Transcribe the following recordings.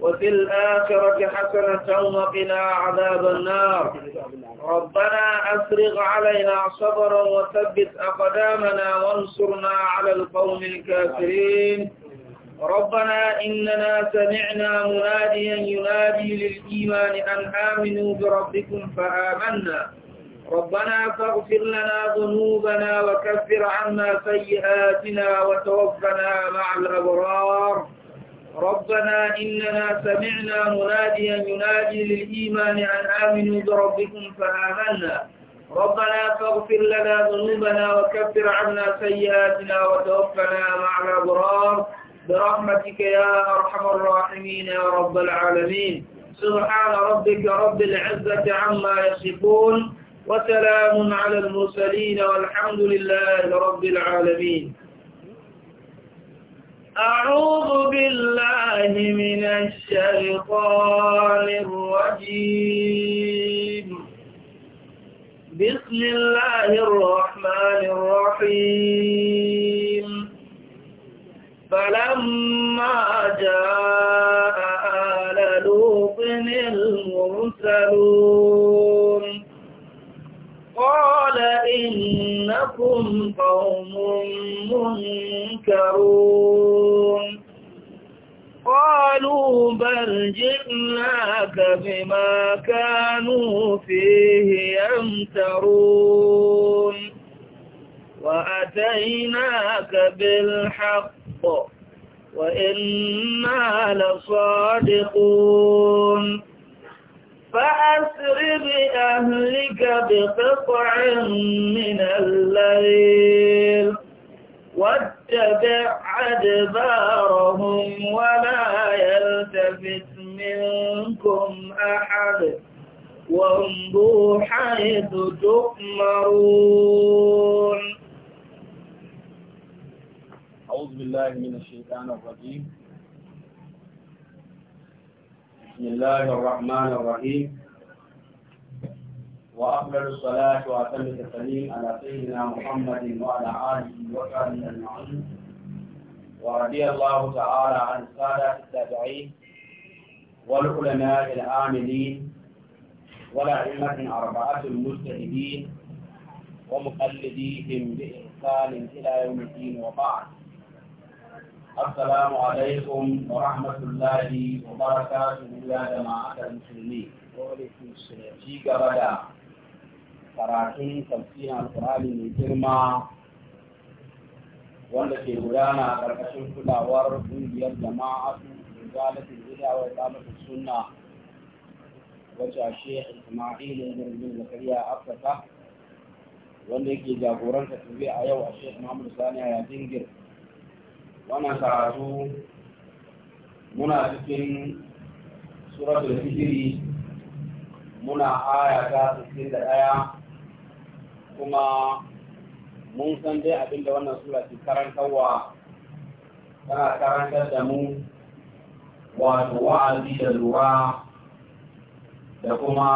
وفي الآخرة حسنة وقنا عذاب النار ربنا أفرغ علينا صبرا وثبت أقدامنا وانصرنا على القوم الكافرين ربنا إننا سمعنا مناديا ينادي للإيمان أن آمنوا بربكم فآمنا ربنا فاغفر لنا ذنوبنا وكفر عنا سيئاتنا وتوفنا مع الأبرار ربنا إننا سمعنا مناديا ينادي للإيمان أن آمنوا بربكم فآمنا ربنا فاغفر لنا ذنوبنا وكفر عنا سيئاتنا وتوفنا مع الأبرار برحمتك يا أرحم الراحمين يا رب العالمين سبحان ربك رب العزة عما يصفون وسلام على المرسلين والحمد لله رب العالمين أعوذ بالله من الشيطان الرجيم بسم الله الرحمن الرحيم فلما جاء آل لوط المرسلون قال إنكم قوم منكرون قالوا بل جئناك بما كانوا فيه يمترون وأتيناك بالحق وإنا لصادقون فأسر بأهلك بقطع من الليل واتبع أدبارهم ولا يلتفت منكم أحد وامضوا حيث تؤمرون أعوذ بالله من الشيطان الرجيم بسم الله الرحمن الرحيم وأفضل الصلاة وأتم التسليم على سيدنا محمد وعلى آله وصحبه أجمعين ورضي الله تعالى عن السادة التابعين والعلماء العاملين والأئمة أربعة المجتهدين ومقلديهم بإحسان إلى يوم الدين وبعد السلام عليكم ورحمة الله وبركاته يا جماعة المسلمين ci gaba da karatun tafsirin alkurani mai girma wanda ke gudana a ƙarƙashin kulawar ƙungiyar jama'a su zalatin gida wa tsamata sunna wacce a shekh ismail ibn zakariya afirka wanda yake jagoranta tafiya a yau a shekh sani wannan karatu muna cikin suratul hijiri muna aya ta 61 kuma mun san dai abin da wannan sura ke karantarwa tana karantar da mu wato wa'azi da lura da kuma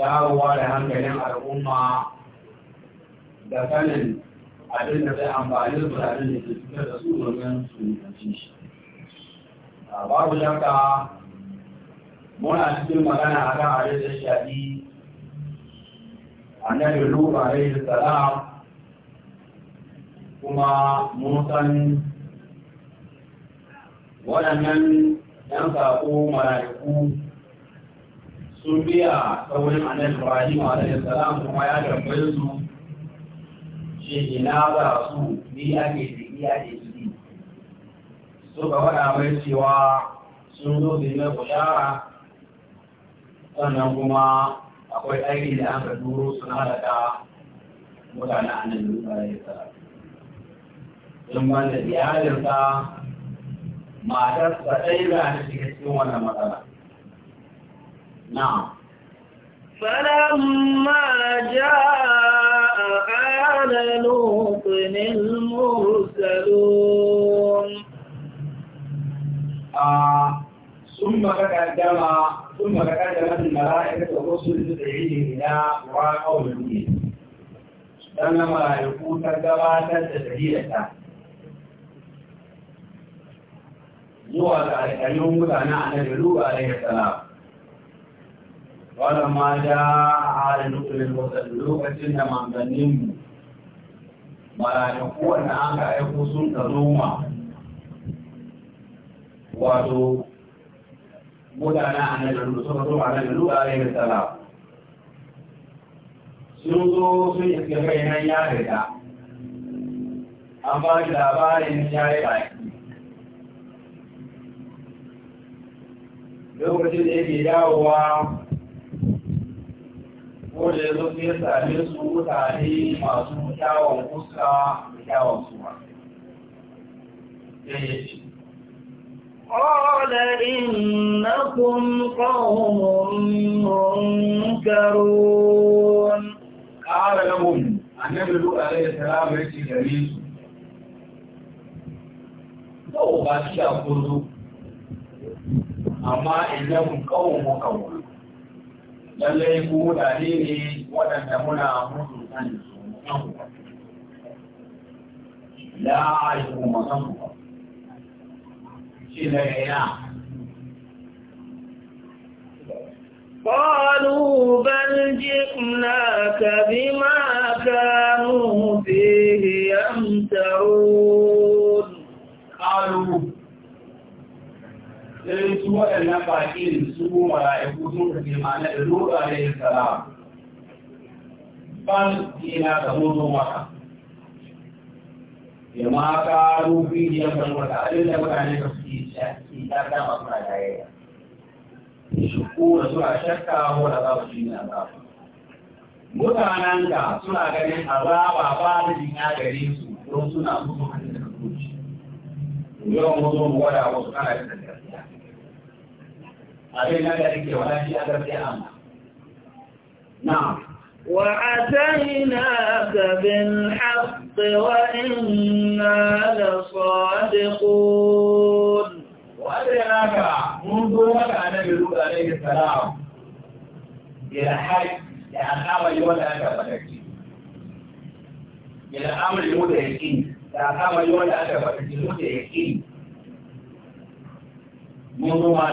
dawowa da hankalin al'umma da sanin abin da zai amfani da mutanen da ke fitar da su domin su nufanci shi ah, babu shakka muna cikin magana a kan abin da shafi annabi luba alaihi salam kuma mun san waɗannan ‘yan saƙo mala'iku sun biya saurin annabi ibrahim alaihi salam kuma ya tambaye su shi ina za su ni ake zigi ake zigi suka faɗa mai cewa sun zo su yi mai bushara sannan kuma akwai aiki da an aka duro suna halaka mutane a nan dutse ya sa in wanda matar matarsa ɗaya za ta shiga cikin wannan matsala Na. فلما جاء على لوط المرسلون آه، ثم تقدم ثم تكلمت الملائكة والرسل تدعيهم إلى وراء قول المدير لما ملائكو تقدمت تدعيته zuwa ga alƙalin mutane a nan Lu alaihi salam wannan ma da halin nufin lokacin da manzanninmu mala'iku wanda an ka aiko sun ka zoma wato mutane a nan da suka zo a nan da lura alaihi salam sun zo sun iske kai nan ya rida an ba shi labarin ya yi baki lokacin da yake dawowa wanda ya zo ya same su mutane masu kyawun fuska da kyawun suwa. Ya yi ce, ina kun ƙahun munkarun ƙara yawon annabi duk a laye salama ya ce gare su. Ƙo ba shi a kuzo, amma ina kun ƙahun munkarun. lallai ku mutane ne waɗanda muna musu sani la aiku masan ku shi da yana قالوا بل جئناك بما كانوا فيه يمترون قالوا irin su waɗannan baƙin su mala'iku sun ka girma na da lura da yin salama ban dina ga mutum maka ya ma ka rufi da wata abin da mutane ka suke shaki ta dama suna yayaya shukku da suna shakka ko da zaba shi ne azaba mutanen ka suna ganin azaba ba da jinya gare su don suna musu hannun da kuci yawan wasu mu wada wasu kana da نعم وأتيناك بالحق وإنا لصادقون وأتيناك منذ وقع نبي لوط عليه السلام إلى حج لأخاوي ولا أكبرك إلى أمر المتهكين لأخاوي ولا أكبرك المتهكين منذ وقع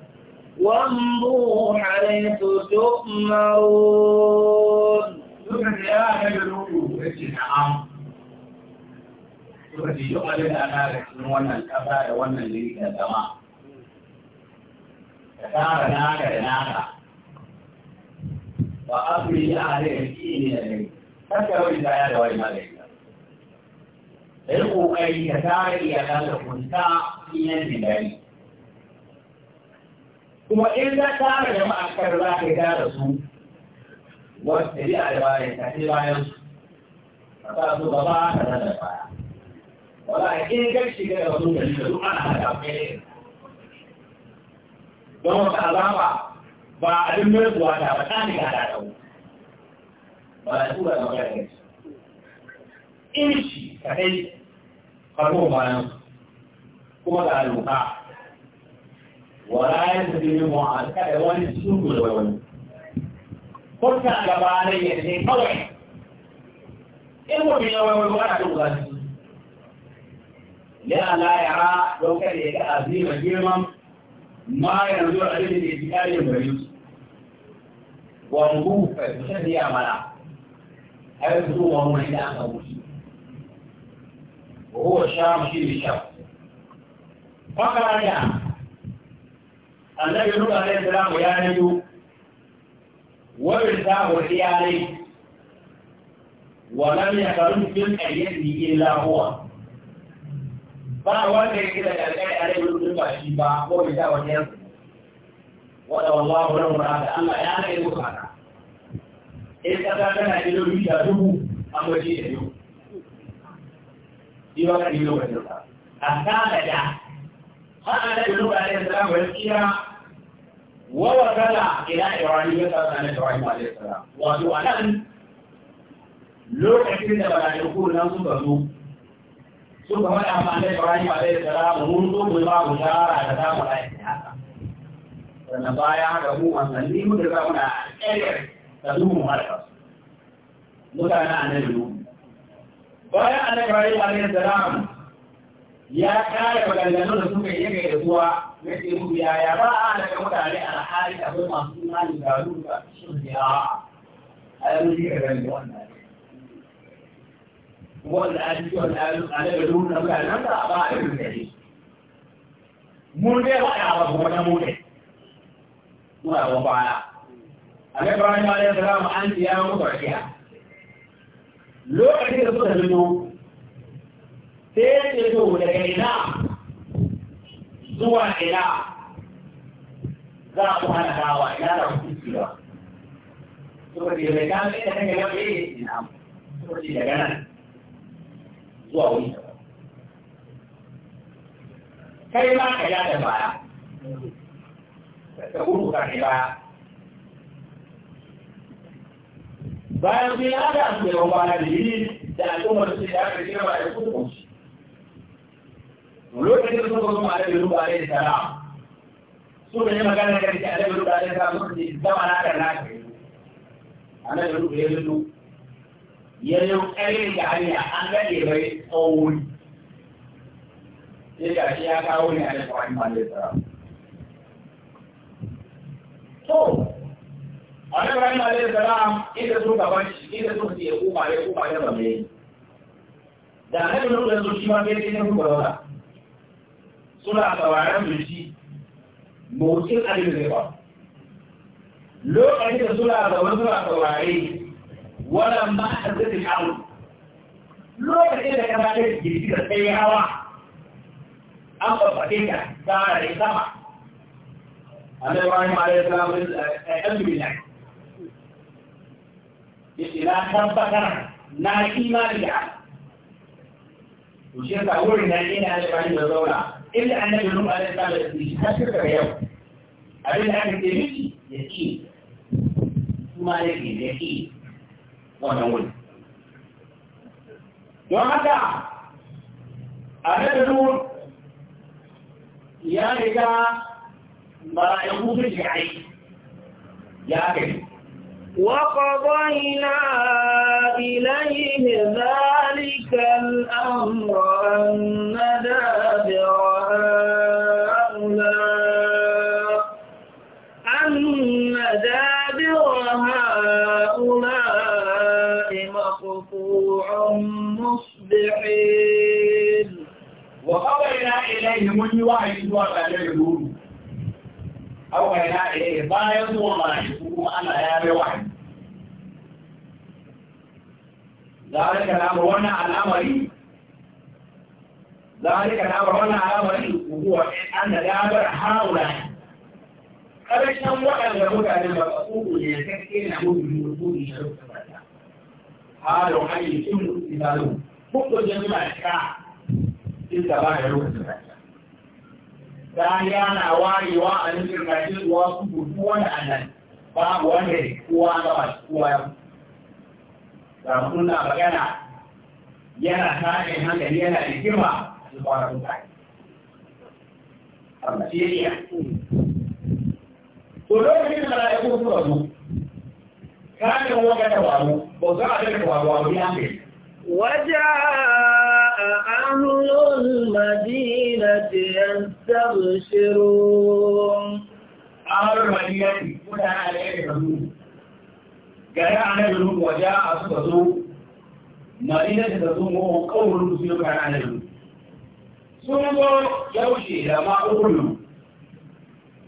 وامضوا حيث تؤمرون لوكتي يا نبي لوكو يجي نعم لوكتي يقال الأمارة من وانا الكفاء وانا اللي يتدمع كثار ناكا ناكا وأبري عليه الكيني عليه فكروا إذا يدوي مالك القوقي كثار إيا كان لكم تا في نجي kuma in za ta hana jama'a kar za ka gyara su wasu tabi'a da bayan ta ce bayan su ka sa su gaba ka zana baya wala in ka shiga da wasu gari da duk ana hada mai don wata alama ba a duk mai zuwa ta ba ta ne ka hada da ba da tura da magana ne in shi ka kai karbo bayan kuma da aluka wala ya tafi min mu'amala kada wani sungu da wani kurta gaba ne ya ce kawai in mutum ya wai wani ana duk zaki ya ala ya ra don kada ya ga azima girman ma yanzu a cikin da ya kare bari wangu fa ta biya mala ai zuwa wani da aka wuce وهو الشام في الشام فقال يا annabi nuhu alaihi salamu ya rayu wa birtahu iyalai wa lam yakarun fil qaryati illa huwa ba wanda yake da kalkai a rai wurin ba shi ba ko bai da wani yanzu wanda wallahu lahu ma'ada Allah ya rai ku kana in ka ta kana ido bi da dubu amma shi da yau shi ba ka ido ba da ka da ha ana da dubu alaihi salamu ya ووصل إلى إبراهيم فأسأل إبراهيم عليه السلام وسؤال الآن لو حكينا بلا يقول لهم سوف أسوك سوف أمد أمان إبراهيم عليه السلام ونطو بما بشارة أسلام ولا إحتياطا فإن بايا ربو أن سنين مدركونا أجر تدوم مهارك متعنا أن نجلو بايا أن إبراهيم عليه السلام ya kare maganganun da suka yi ga yaduwa na ke mu yaya ba a daga mutane a hali akwai masu imanin da ruka shin da a yanzu shi ga da wannan wanda a cikin wanda a daga duk na mutanen da ba a irin da shi mun dai ba a ba kuma na mu ne muna ba baya a ga bayan bayan da an biya mu barkiya lokacin da suka zo sai ya zo daga ina zuwa ina za a kuma na dawa ina da hukunci ba saboda yau da kama ina kan gaba ne ina saboda daga nan zuwa wani kai ma ka yada baya ka gudu ka ne baya bayan sun yada su da yawan baya da yi da al'ummar su da aka kira ba da kudu ولوكين تقولون ما عليه لوط عليه السلام سورة ما كان يكفي عليه لوط عليه السلام زمان هذا لا أنا لوط يلوط يلوط أي يعني أنا يبي أول إذا شيء كأول على إبراهيم عليه السلام تو أنا إبراهيم عليه السلام إذا سوى كبش إذا سوى سيئة كوما يكوما يبغى مين ده أنا لوط يلوط شيء ما بيجي نقول suna sauraron mulki motsin abin da zai ba lokacin da suna zaune suna saurare wannan ba a zai shawo lokacin da kama ta jirgi da sai hawa an babbaɗe ka tsara da sama Allah ya wani mara ya samu ɗan dubina ya ce na tabbatar na kima da ya to shi yasa wurin na ina da wani da zauna إلا أن النوم على الإسلام مش هشكر يوم أبدا عن التمييز يكين ثم يكين يكين ونقول ومتى أنا نقول يا رجال ما يقول في الحي يا كريم وقضينا إليه ذلك الأمر أن دابر هؤلاء أن دابر هؤلاء مقطوع مصبحين وقضينا إليه من يوعي سوى أو غيرها إليه بايض وملائكته أن لا يبي واحد ذلك الأمر وانا الأمر ذلك الأمر وانا الأمر وهو أن الأمر هؤلاء فلشان وقت يقول أن المقصود يتكين عمود الوجود يشرب هذا حي يتم استدلالهم كل جميع الأشكال إذا لا يروح الزمان rariya yana warewa a nufin ƙarshen ruwa su gudu wani a nan babu wanda ya kowa ga masu kowa ya ga mutum na magana yana tashin hankali yana da girma a cikin kwanar mutane a Nigeria. To lokacin da mala'iku suka zo, kayan waka ta faru, ba su a daga faruwa wani hankali. Wajen أَهْلُ الْمَدِينَةِ يَسْتَبْشِرُونَ أَهْلُ الْمَدِينَةِ يَسْتَبْشِرُونَ أَهْلُ الْمَدِينَةِ Gare a nan yi nufin waje a su ka zo, mazi na shi ka zo, ko kawo rukusi yau kare a nan yi. Sun zo yaushe da ma'urin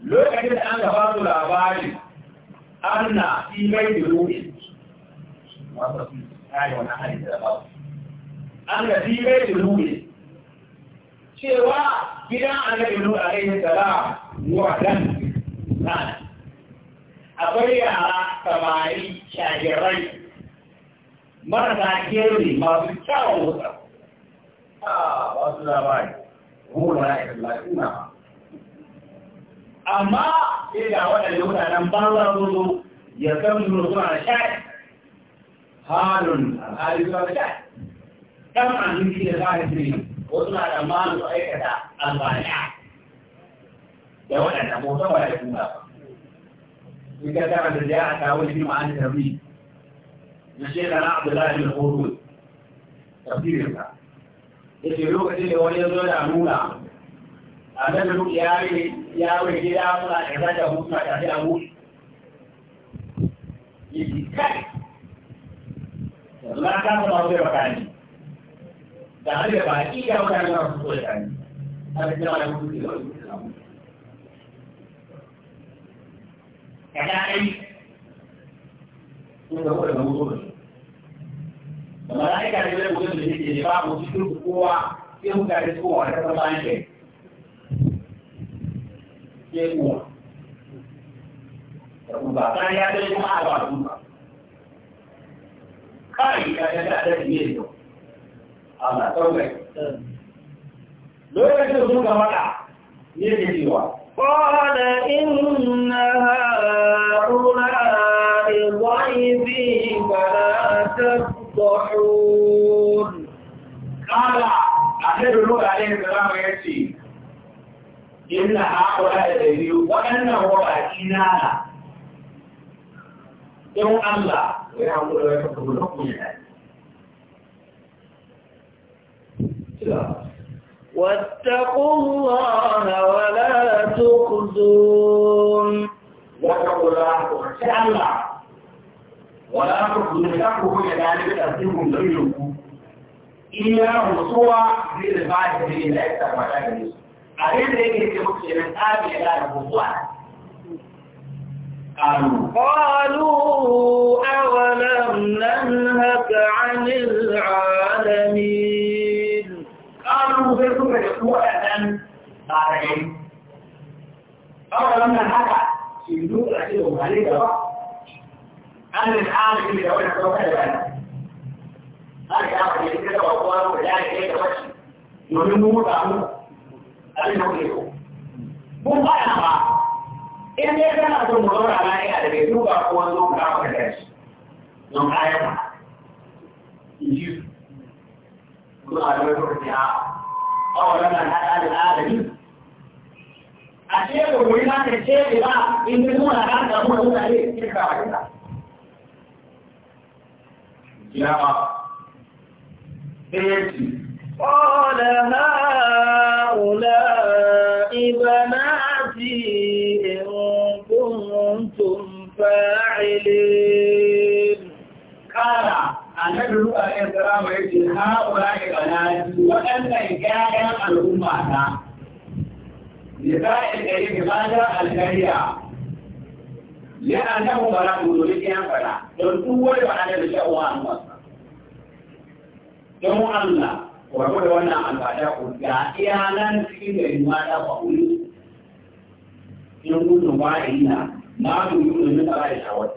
lokacin da an gaba su labari, an na imai da rukusi, annabi bai tulubi cewa gidan annabi nu alaihi salam wadan nan akwai yara samari shagirai marasa kere masu kyawun wuta a wasu labari hula ya laluna amma sai ga waɗanda mutanen banza zuzo ya san zuwa suna shaɗi halin alhali suna shaɗi ɗan aminci da zahiri wasu na da malu aikata albaniya da waɗanda ko saboda da kuma in ka tara da ya a kawo shi ma'an tarbi na shekara abdullahi bin hurun tafsirinsa ya ce lokacin da wani ya zo da nuna a nan da duk yare yawon gida muna da zaga hutu na tafi da hutu ya ce kai yanzu na kasa ma zai bakani da har da baki da wani na fito da ɗani har da wani mutu da wani kada ai sun ga wani mutu da da mala'ika da wani mutu da yake ba mu cikin kowa sai mutane kowa ta zama ne sai kowa da kuma ba ya dai kuma a ba kuma kai ya ga da da ne قال إن هؤلاء ضيفي فلا تفضحون قال أحد النور عليه السلام يأتي إن هؤلاء ضيفي وأنه أكينانا يوم الله ويحمل ويحمل حكم الله واتقوا الله ولا تخزون واتقوا الله ولا الله ولا تخزون تقوى يدانك تسلمهم دميركم إياه سوى بالبعض من الله تعالى أريد أن يكون من آبي الله قالوا أولم ننهك عن العالمين su sai suka da su waɗannan tsarai kawai wannan haka shi duka ce da wani gaba an da tsarin da wani kawai da wani har da aka yi da kowa ko da ya da wasu domin mu ba mu abin da kuke so mun ba na ba in dai kana son mu zauna lafiya da bai duba ko wani zo ka maka da shi don kayan ma in ji su kuma a lokacin a أولما هل الآدمي ashe da wuri na ta ce ba in ji nuna ka da mu nuna ne cikin kawai ta ya ba sai قال هؤلاء بناتي إن كنتم فاعلين قال annabi ruwa ya tsara mai ce haɓura ya ƙanani waɗannan ƴaƴan al'umma ta nisa'in ɗari ke mata alkariya ya annabi bara mu dole kiyan fara don duk wani ba da shi a an don Allah wa da wannan albada ku ga nan cikin gari mata ba ku in gudun wa'ina na, ku yi gudun da ba da shawara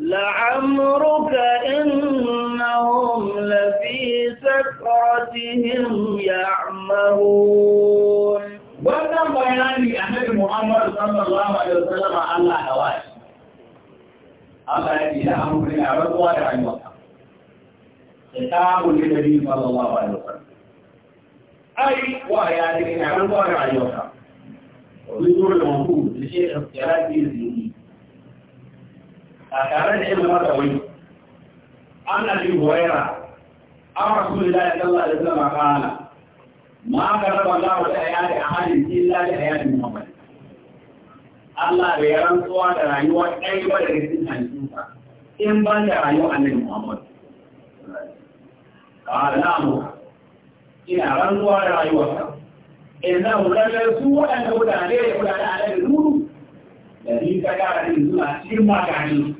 لعمرك إنهم لفي سكرتهم يعمرون وانا بياني أنك محمد صلى الله عليه وسلم على الله نواش أما يجي لعمرك أعرض الله عنه خطاب للنبي صلى الله عليه وسلم أي وهي هذه عن ظاهر عليها وظهور الموجود لشيء اختيارات ديني أكارن علم مرتوي عن أبي هريرة عن رسول الله صلى الله عليه وسلم قال ما كتب الله لحياة أحد إلا لحياة محمد Allah bai rantsuwa da rayuwar ɗaya ba daga cikin halittunsa in ban da rayuwar annabi Muhammad قال نعم ina rantsuwa da rayuwarsa inna lallai su waɗanda mutane da mutane a nan nuru da ni ta gara ne suna cikin magani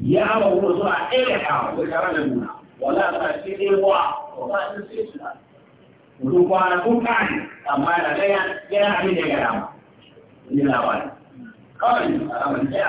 ya ba kuma suna ɗaya ka da tare da nuna wala ta ce ne wa wala ta ce su na mutum kwana kun kani amma da ɗaya yana abin da ya gada ma ni labarin kawai a kamar ɗaya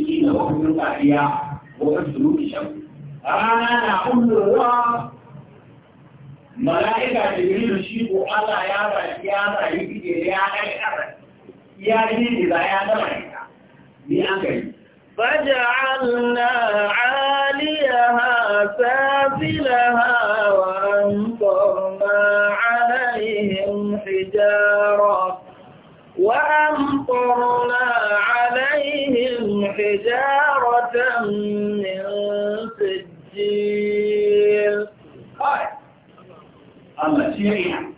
da wakil rukariya ko wani mala'ika da yi shi ko ala ya ba ya ba yi da ya kai kasa ya yi ne za ya zama ne ka ni an gari فجعلنا عاليها سافلها وأنطرنا عليهم حجارة حجارة من سجيل الله شيئا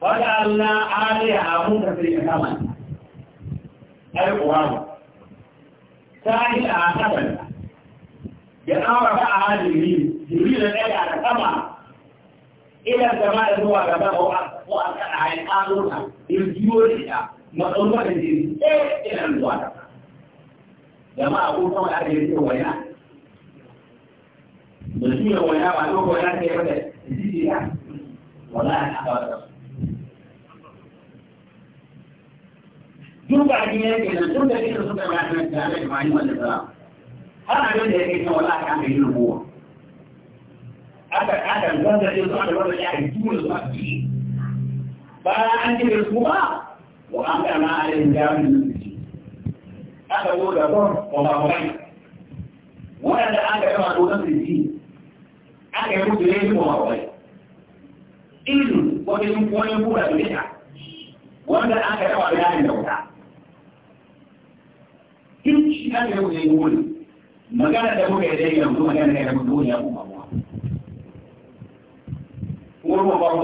وجعلنا عليها عمودا في الكتابة أي قرابة ثاني آخر جنار رفع هذا الجبيل جبيل الذي على إلى السماء هو كتابه وأسأل عن آخرها jama'a ko kawai aka yi cikin waina da shi ne waina ba ko waina ta yi mata jiki ya wala ya aka wata duk ba a gina yake nan duk da yake suka yi wata da ala jimani wanda ta har abin da yake kan wala aka yi rubuwa aka aka ganga yin zuwa da wanda ya yi tuwa zuwa ciki bayan an jira su ba wa an gama a yin gami da su aka zo da kwan aka gama tsoron su ji aka yi mutu ne kwamfamai ilu wajen wani kura da nika wanda aka gama da yayin da wuta in shi aka yi mutu ne wuri magana da muka yi dai yanzu magana da ya mutu ne ya kuma kuma kuma ba mu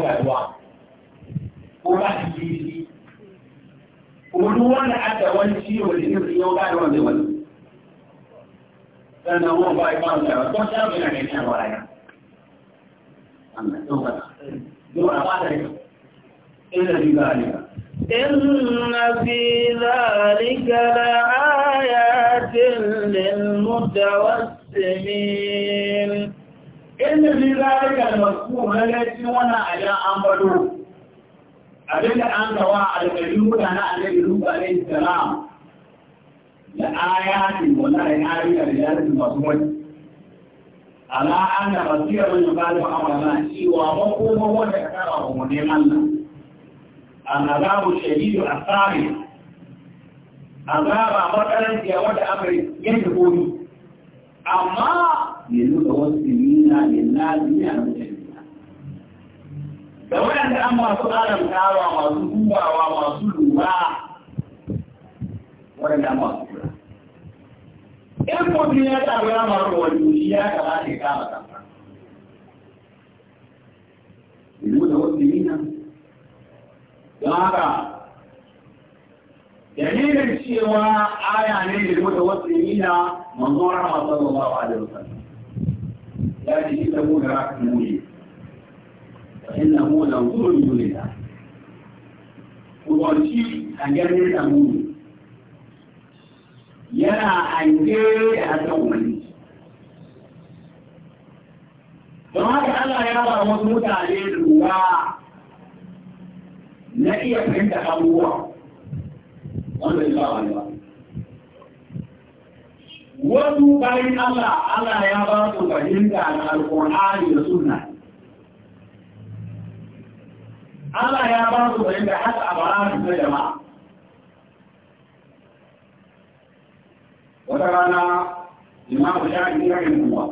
ko ba shi ولوانا حتى وان شيء ولي نفس يوم بعد وان دي وان فانا هو باي فان شاء الله كون ذلك إن في ذلك لآيات للمتوسمين إن في ذلك المذكور الذي وانا أجا أمبلوك abinda an gawa alƙalin mutane annabi Nuhu alaihi salam da ayatin wallahi ayoyi da rijalin masu wani ala anna basira man yuqalu amrana cewa ba ko ba wanda ka kara mu ne Allah annabawu shadidu asari azaba makaran ya wanda aka yanke komi amma yanzu da wasu mina lillahi ya mutane da waɗanda an masu alamtawa masu dubawa masu lura waɗanda an masu lura in mutum ya tsaro ya maru wani shi ya kamata ya kama kansa ilmu da wasu nina don haka dalilin cewa aya ne da mutu wasu nina manzon rahama sallallahu alaihi wasallam ya ce ita mu da rakan muni إنه لنظر من دون الله وقالشي أجل الأمون يرى أنجيل أتومن فهذا ألا يرى مضموط عليه الرواء نأي فهمت أبوه وأنت الله عليه wasu bayan Allah Allah ya ba su fahimta da Allah ya ba su fahimta har a bara su ta jama'a wata rana imamu shafi ya yi kuma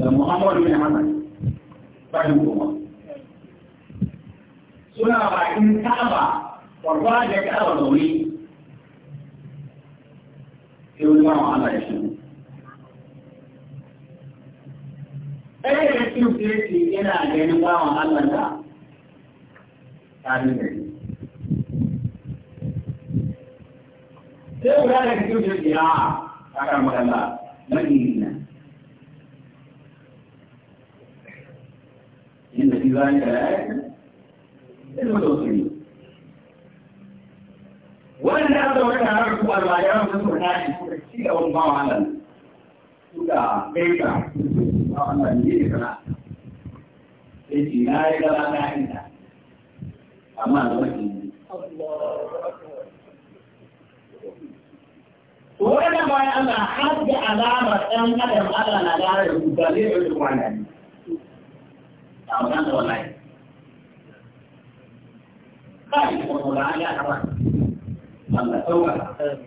da muhammadu bin hasan bayan kuma suna bakin ka'aba farfa da ka'aba zaune sai wani bawan Allah ya shigo ɗaya da cikin fiyarci yana ganin bawan Allah da tsarin da ne. Sai guda da cikin fiyarci a kakar magana magini na. Inda shi zai ka yi, sai mutu wasu ne. Wanda aka wata harar ku almajiran sun suka tashi suka ci gaban bawan Allah suka kai ka roƙa Allah ne ne kana sai ce na yi gaba na inda amma da wani ne to wannan bayan Allah har da alamar ɗan adam Allah na da rubuta zai yi wannan a wannan wallahi kai ko da ya Allah Allah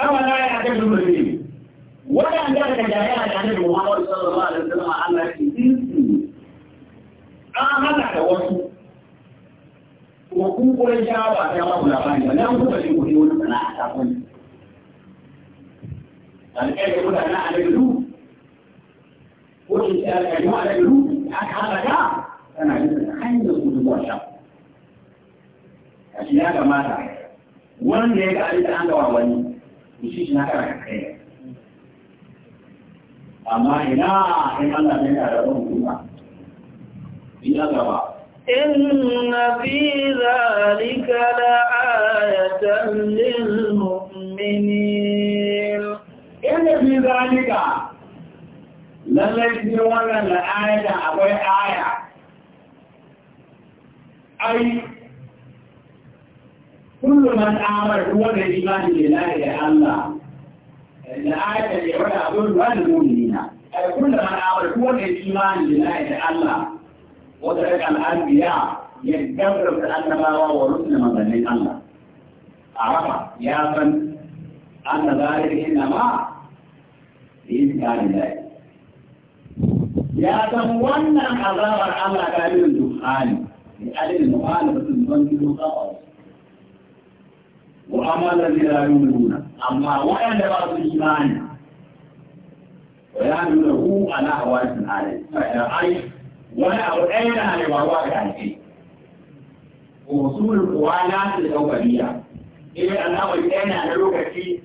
أولا يعتقد به ولا أن ذلك جاهلا يعتقد محمد صلى الله عليه وسلم على الإنسان أهلا توسل وكم قول الجواب على الله الأباني ولا هو الذي يقولون أنا أعتقد الآية يعني يقول أنا على الجنوب قل الجماعة على الجنوب هذا جاء أنا جدا حين يقول الله شاب أشياء كما تعرف وأن يجعل أنت وأولي إن في ذلك لآية للمؤمنين إن في ذلك لذلك يوانا لآية أبوي آية أي كل من آمر هو الإيمان بالله يا الله الآية اللي ولا أقول والمؤمنين أي كل من آمر هو الإيمان بالله يا الله وترك الأنبياء يتجبر في هو ورسل من الله عرف يا من أن ذلك إنما بإمكان الله يا من ون عذاب الله كان الدخان لأجل مخالفة المنزل خطأ وأما الذين لا يؤمنون أما وأن بعض الإيمان ويعمله على حوادث العالم فأي ولا أو أين على الواقع يعني. عليه وصول القوانات الأولية إذا أنا والآن على لوكتي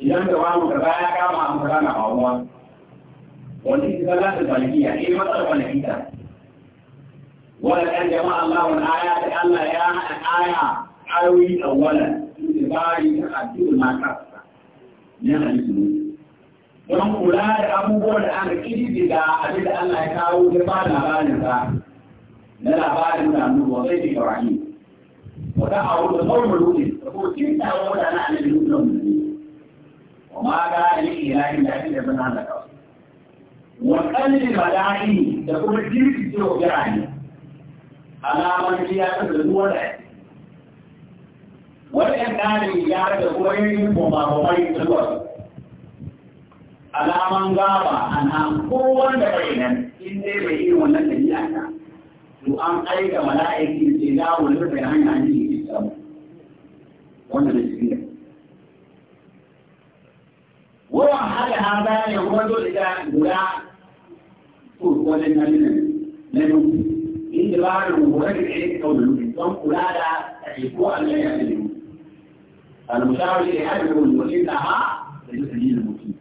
إذا أنت وعلم كبايا كما عم كما قوة والاستدلالات الفلكية إيه مثلا فلكية ولكن جمع الله الآيات ألا يا آية أوي أولا itibari na addinin matarsa na halittu don kula da abubuwan da aka kiri da abin da Allah ya kawo da ba labarin sa na labarin da annabi wa zai da rahim wa da aure da sauran ruhi da ko cin da wanda na annabi ruhi ne wa ma ga ni ilahi da ake da bana da kawai wa qalbi mala'i da kuma jirgin jirgin ne alaman ya ta da duwar da waɗanda ne ya da kuma yin koma babai zuwa alaman gaba a nan ko wanda bai nan in dai bai yi wannan tafiya ta to an aika mala'iki ce za mu rufe hanya an ji ke samu wanda da shi wurin hada ha bayan kuma dole da guda to wajen nan ne na duk inda ba da rubuwa da ke kawo da don kula da ko Allah ya yi المشاور يحمل المسلم لها لتسجيل المسلم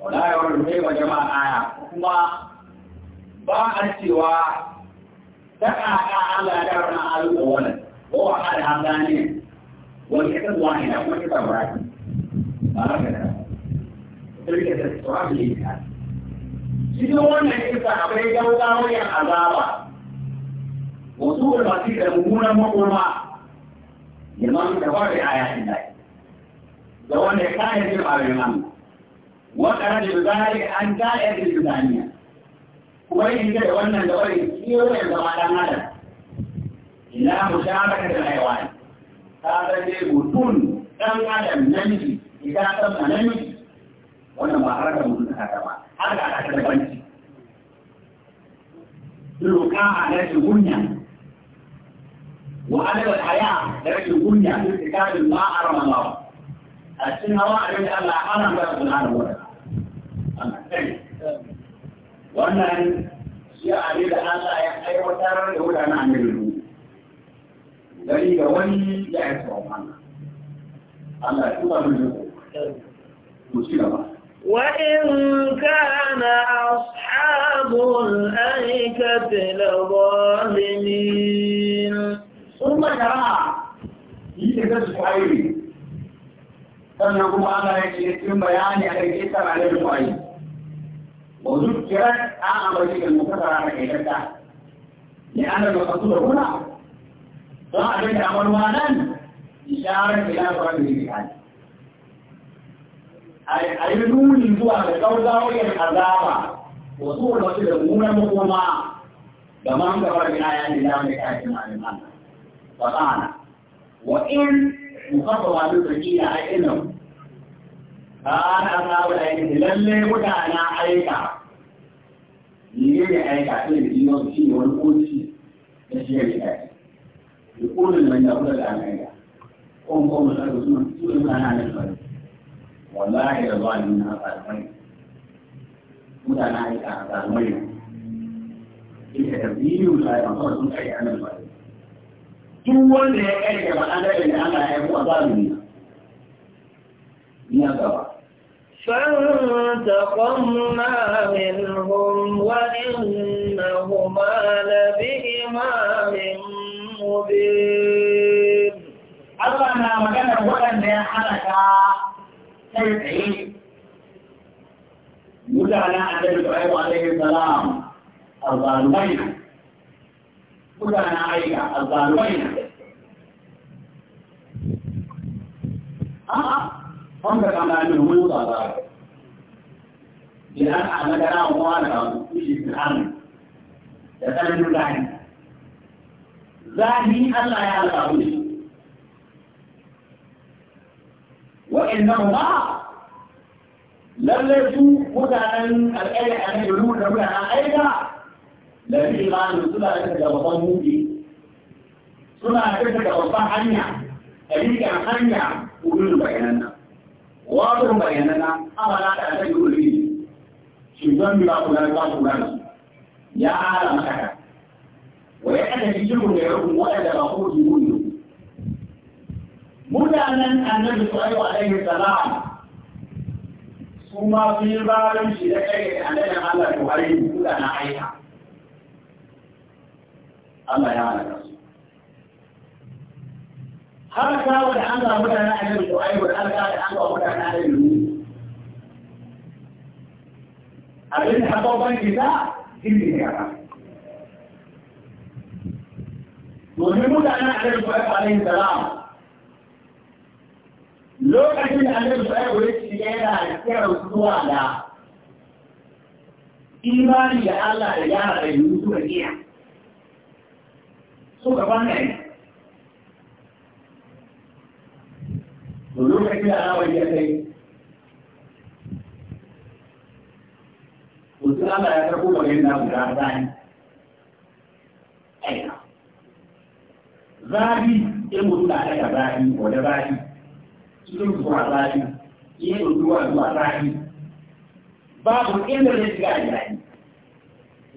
ولا يورد بيع إيه جماعة آية وكما باع السوى تقع على دورنا على الأول هو حال هذاني والكتاب واحد أو كتاب واحد هكذا تلك التراب الإنسان cikin wannan kisa akwai gaugawa yin azaba wasu ulmasi da mummunan makoma liman da wani ayatin da da wanda ya kayan jin ayoyin Allah wanda rajin zari an da'ir da zaniya kuma yin da wannan da wani kiwo ya zama dan adam ila musharaka da haiwani ta zai mutum dan adam namiji idan san ma namiji wannan ba harkar mutum ta ba har da ta da banci Duka a nan gunya وعدم الحياة لكن يقول يعني ارتكاب ما حرم الله السنة واحدة من الله حرم الله سبحانه وتعالى وأن الشيء عليه لحظة أي وتر هو لا نعمل له لأن يولي يعرف ربنا الله يكون من يقول مشكلة ما وإن كان أصحاب الأيكة لظالمين sun magana yi da zai su kwaye sannan kuma ana yake cikin bayani a kan kisan ranar kwaye ba su kira an amurci da muka fara da kaitata ne ana da kasu da kuna don abin da amurwa nan isharar ila ba da yi kai a yi nuni zuwa da kauzawoyin azaba wasu wani wasu da munar makoma da man gaba da ya yi da mai kayan malaman وطعنا وإن مخطوة نتركية أي إنه كان أصحاب الأيدي للي متعنا أيكا ليه أيكا كل يوم شيء ونقول شيء الشيء الأيكا يقول من يقول الآن أيكا قوم قوم الأرض سنة سنة سنة عن الفريق والله للظالمين أصحاب الفريق متعنا أيكا أصحاب الفريق إن تبديل لا ينصر سنة أي عمل فانتقمنا منهم وإنهما لبإمام مبين الله ما مكان وكان يا حركة سيدعي مدعنا عليه السلام والسلام الظالمين mutanen aika a zalumai na a'a wanda kama ne mun ba ba idan a magana wa da shi tsarin da tsarin zahiri zahiri Allah ya alƙawu ne wa'annahuma lallai su mutanen alƙairi a ne da mutanen aika da bi imanin suna da daga babban mubi suna da daga babban hanya ɗariƙar hanya wurin bayanana wajen bayanana amana da ta yi wuri shi don bi ba kula ba kula da su ya ala makaka wa ya kada shi jirgin da ya rukun waɗanda ba ko su wuri mutanen annabi su'ayu alaihi salam su ma fi bayan shi da kai da annabi Allah ko hari kuda na aika Allah ya halaka su har kawo da an ga mutane a yanzu ai wani har kawo da an ga mutane a yanzu abin da haka ban gida gini ne ba domin mutane a yanzu ai alaihi salam lokacin da annabi sallallahu alaihi wasallam yana kiran zuwa da imani da Allah da yara da yusu da iya là là cũng suka bani to lokacin da ana wani kai Mutum Allah ya karɓo wani na guda zani. Aina. Zafi in mutum có ɗaga zafi, wada zafi, cikin zuwa zafi, iya zuwa zuwa zafi. Babu inda zai shiga a zafi.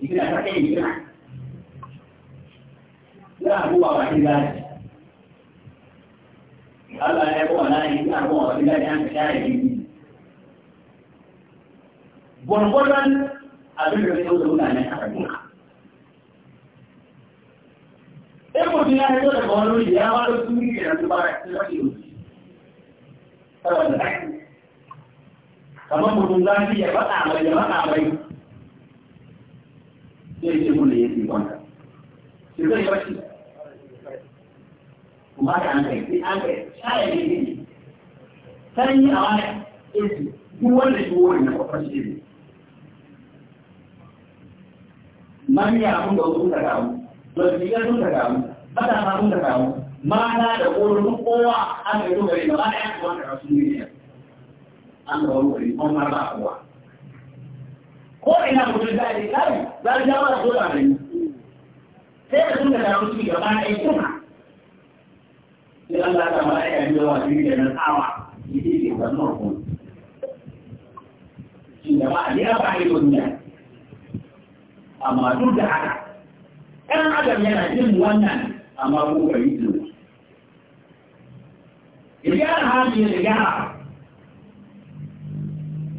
Ikina ta ɗaya ikina ina abubuwa bakin daji Allah ya yi na yi ina abubuwa bakin daji an ka share gini gwargwaron abin da zai wuce mutane haka duka in mutum ya haifar da wani wuri ya wani sun yi da su bara su rafi wuri saboda zaki kamar mutum zaki ya faɗa mai ya faɗa mai sai ce mun da yake kwanta sai zai bashi وما كان ذلك في الآخر شاية جديدة ثاني أوائل إذن هو اللي هو إنه أخرج إذن من يعمل دوتون تكاو دوتون تكاو بدا فارون تكاو ماذا يقول نقوة أن يدوم إلى ما يعمل وأن يعمل أن يقول إنه مرة أقوى ko ina mutum da ya kare za a jawo da soja ne sai da sun da kawo ciki gaba ɗaya kuma sai Allah ta mala'ika ne yawa shi da nan awa yake ke zannar kuma shi da ba ya ba ne duniya amma duk da haka ɗan adam yana jin wannan amma ko ka yi tsoro gyara hali da gyara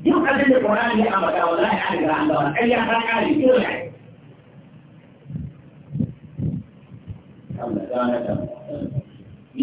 yin abin da ƙorani ya amata wa za a yi an gara an da wani ƙarya ta ƙari dole Allah ta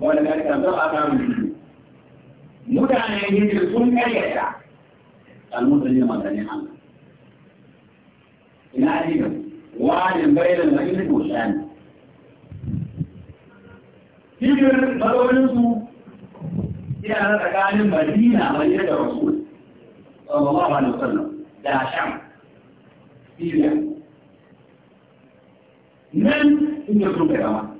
wanda ka zaba kan mutane ne sun karyata almutane maganin Allah ina ajiyar wajen bayan da ina ko shani hijir mazaunansu yana tsakanin madina madina da rasul sallallahu alaihi wasallam da sham siriya nan inda sun kai rama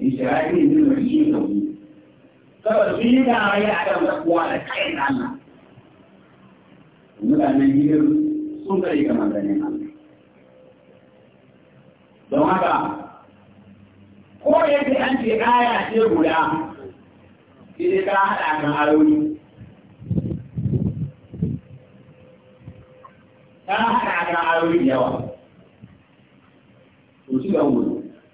isra'ili ne mai shi da mu saboda su yi tarayya a kan zakuwa da kayan Allah mutanen gidan sun kare ga maganin Allah don haka ko yadda an ce aya ce guda sai ka haɗa kan ayoyi ta haɗa kan ayoyi yawa to ci da wuri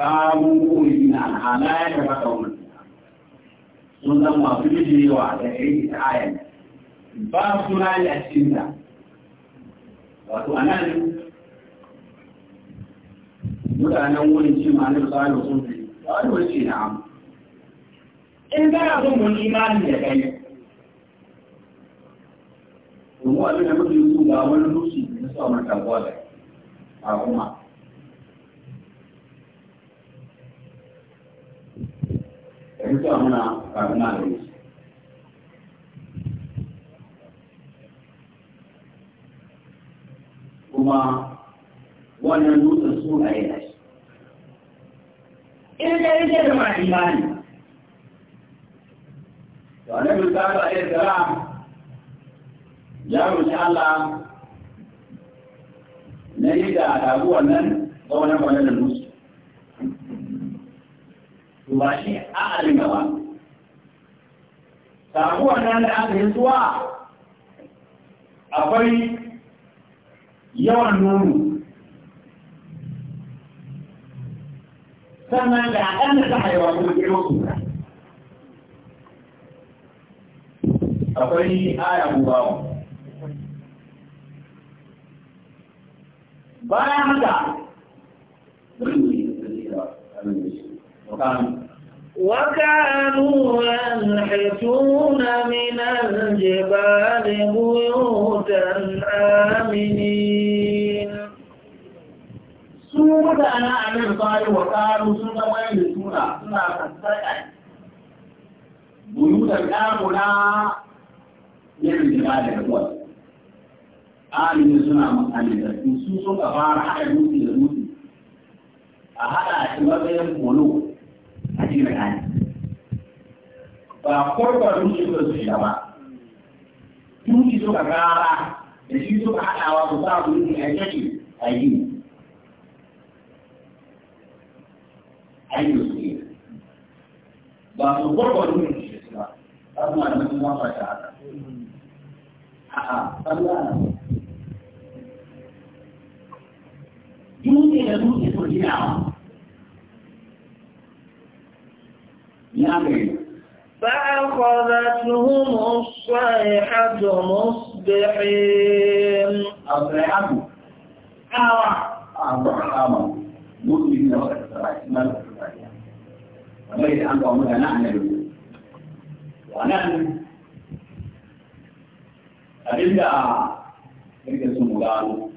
وقالوا قولنا عنها لا يتبقون sun zan masu bijirewa da aiki ta ba su na yi a wato a mutanen wurin cin sun fi tsaro na amu in kana son mun imani da kai domin wani da mutum su ga wani lusi da su amurka a kuma in zuwa muna kafina da yi kuma wannan dutsen su a yi shi in da yake da ma imani to annabi sallallahu alaihi wasallam ya roki Allah na yi da daguwar nan ga wannan wannan dutsen to ba shi a'alin gaba samuwar nan da aka yi zuwa akwai yawan nono sannan da ɗan da ta haiwa kuma kiro suka akwai aya gubawa bayan haka وكانوا ينحتون من الجبال بيوتا آمنين سورة أنا أمير طالب وقالوا سورة وين سورة سورة تتسرق بيوتا آمنا من الجبال بيوتا آمنين سورة مقالبة سورة فارحة الموسي الموسي أهلا أشبابين الملوك. addini ne ba kwarkwar rushe da su shiga ba tuki suka gara da shi suka haɗawa su sa su yi a yake a yi a yi su yi ba su kwarkwar rushe da su ba ba su ma da mutum ba su haka a'a tsalla Dutse da dutse su ginawa, نعم. فأخذتهم الصيحة مصبحين الصيحة أعوى آه. أعوى آه، أعوى مؤمن وقت الصلاة ما لك الصلاة وغير أنت ومنا نعمل ونحن أبدا أبدا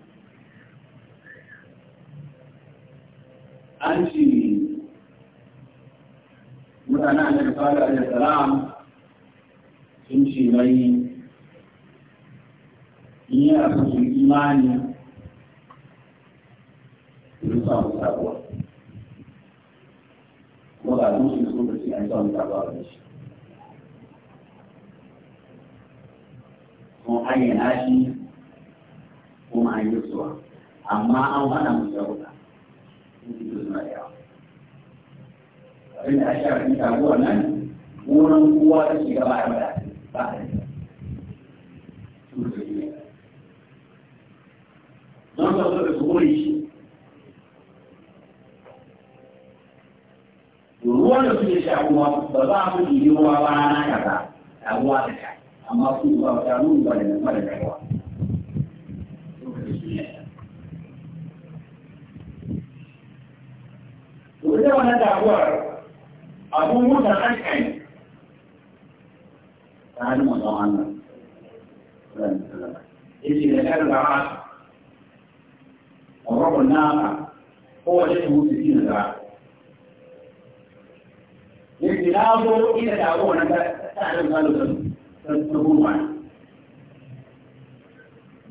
متعنا أن قال عليه السلام تمشي لي إني أخذ الإيمان بلسان التقوى وضع نوشي نقول بسي عيسان التقوى بلسي kuma ayyana shi kuma an yi zuwa amma an hana mu yau da su suna da yawa abin da aka shafi shaguwar nan wurin kowa ta shiga ba a mata ba a don ka zo da su wuri shi ruwan da suke sha ruwa ba za su yi ruwa ba na kaza a ruwa da sha amma su ba ta nuna ba da mara da ruwa to ita wannan damuwar abu musa kanka ne ta hannun mazan wannan yake da kan zama a rabon naka kowace ta mutu shi na zara yake na zo ina da abu wannan ta hannun zalubin ta goma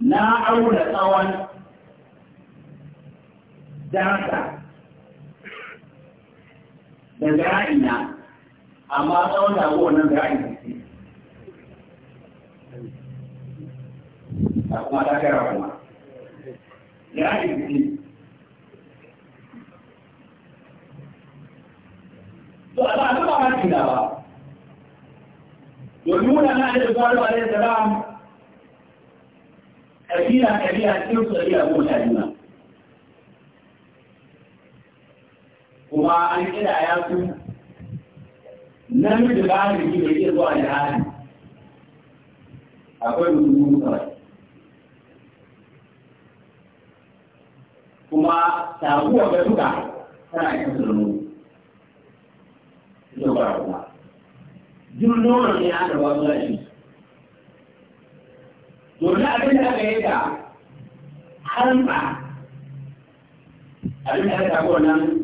na auna tsawon dasa da zira'i na amma tsawon da wannan zira'i ne a kuma ta kai rawa zira'i ne to a ba ba ma kina ba domin wannan na da zuwa da salam kabila kabila cikin su da iya goma sha biyu kuma an kira ya su namiji ba da ke zuwa zuwa jihadi akwai mutum kawai kuma taguwa ga duka tana yin sulmu ita ba kuma duk nonon ne aka ba su domin abin da aka yi da haramta abin da aka taguwa nan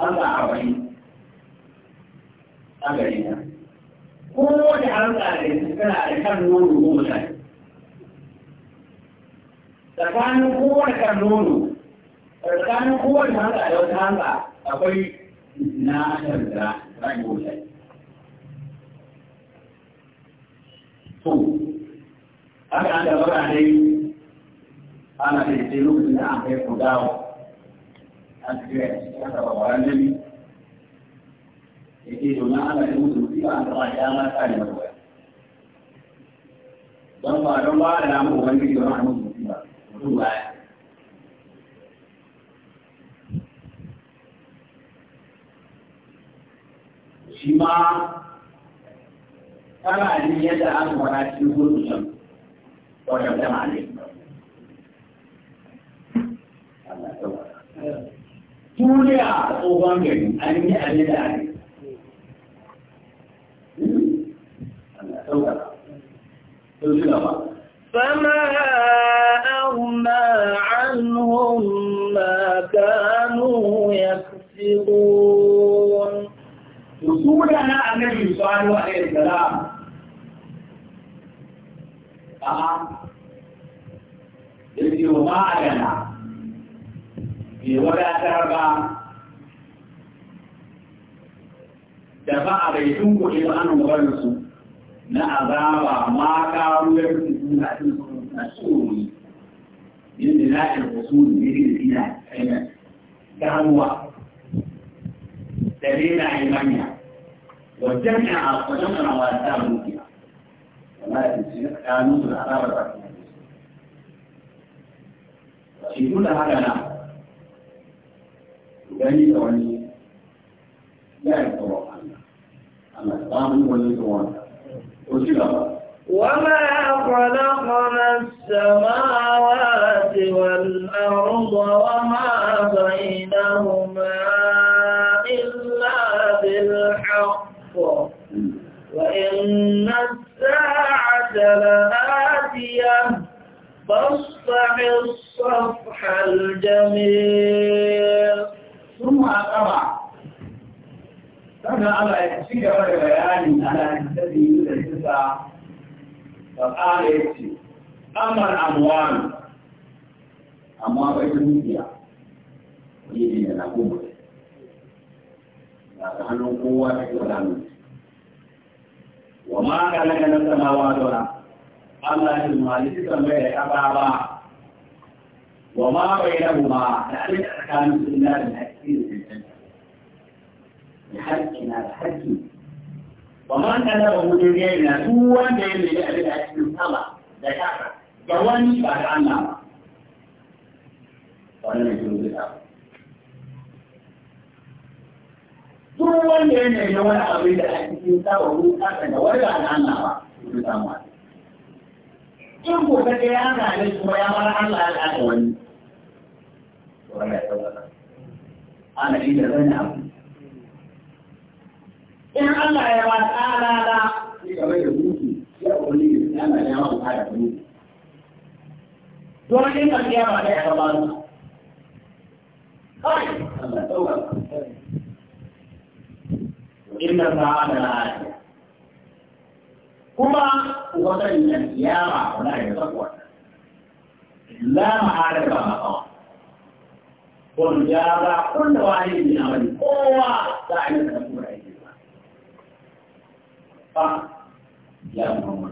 harka arba'in a gare ta kowace harka da su tana da kan nono goma sha tsakanin kowace kan nono tsakanin kowace harka da wata harka akwai na ashirin da rai goma sha to haka an da bara dai ana da lokacin da an kai ku dawo an kai wata babaran nabi ya ke domin ana yi musu musiba an kama ya ma kare mata waya don ba don ba da namu ubangiji don a musu musiba mutum baya shi ma tana yin yadda an fara cikin gudun shan wajen jama'a ne Allah ya duniya a tsohon gari an فما أغنى عنهم ما كانوا يكسبون رسولنا النبي صلى الله عليه وسلم آه. يجي وما أغنى bai wadatar ba da ba a bai tun kuɗi ba an warinsu na azaba ma karuwar su na cikin na tsoro yin da na ɗin wasu ne da ina ainihin damuwa da rena yi manya wajen na wajen na wata dukiya wanda da shi ya kanu su da azabar ba shi duk da haka na يعني وما خلقنا السماوات والأرض وما بينهما إلا بالحق وإن الساعة لآتية فاصفح الصفح الجميل ثم أقرع كان على يحشي على بيان على الذي يدرس فقال يحشي أما الأموال أما بيت الميديا ويجينا نقوم لا تهنوا قوة ولا وما كان لنا السماوات ولا Allah ya maliki tambaye da kaba ba wa ma bainahuma da alin tsakanin sunna da لحركنا لحركي ومن أنا ومديرنا هو من يلعب الأسلم الله ذكر جواني بعد عنا وأنا نجوم بالأرض duk wanda ya nemi wani abin da a cikin sa wa mun kasa da wani ba da Allah ba su samu a in ko ka ya gane kuma ya bar Allah ya kada wani ana inda zan abu in Allah ya ba tsala na shi game da mutu ya ƙulli da Allah ya ba tsala da mutu don in kan ya ba da ya ba su kai Allah dauka inna sa'ada la ayat kuma wata yin kiyama wala ya zakwa la ma'ada ba ma'awa kun jara kun da wani ne a wani kowa za a yi صح؟ لا ممر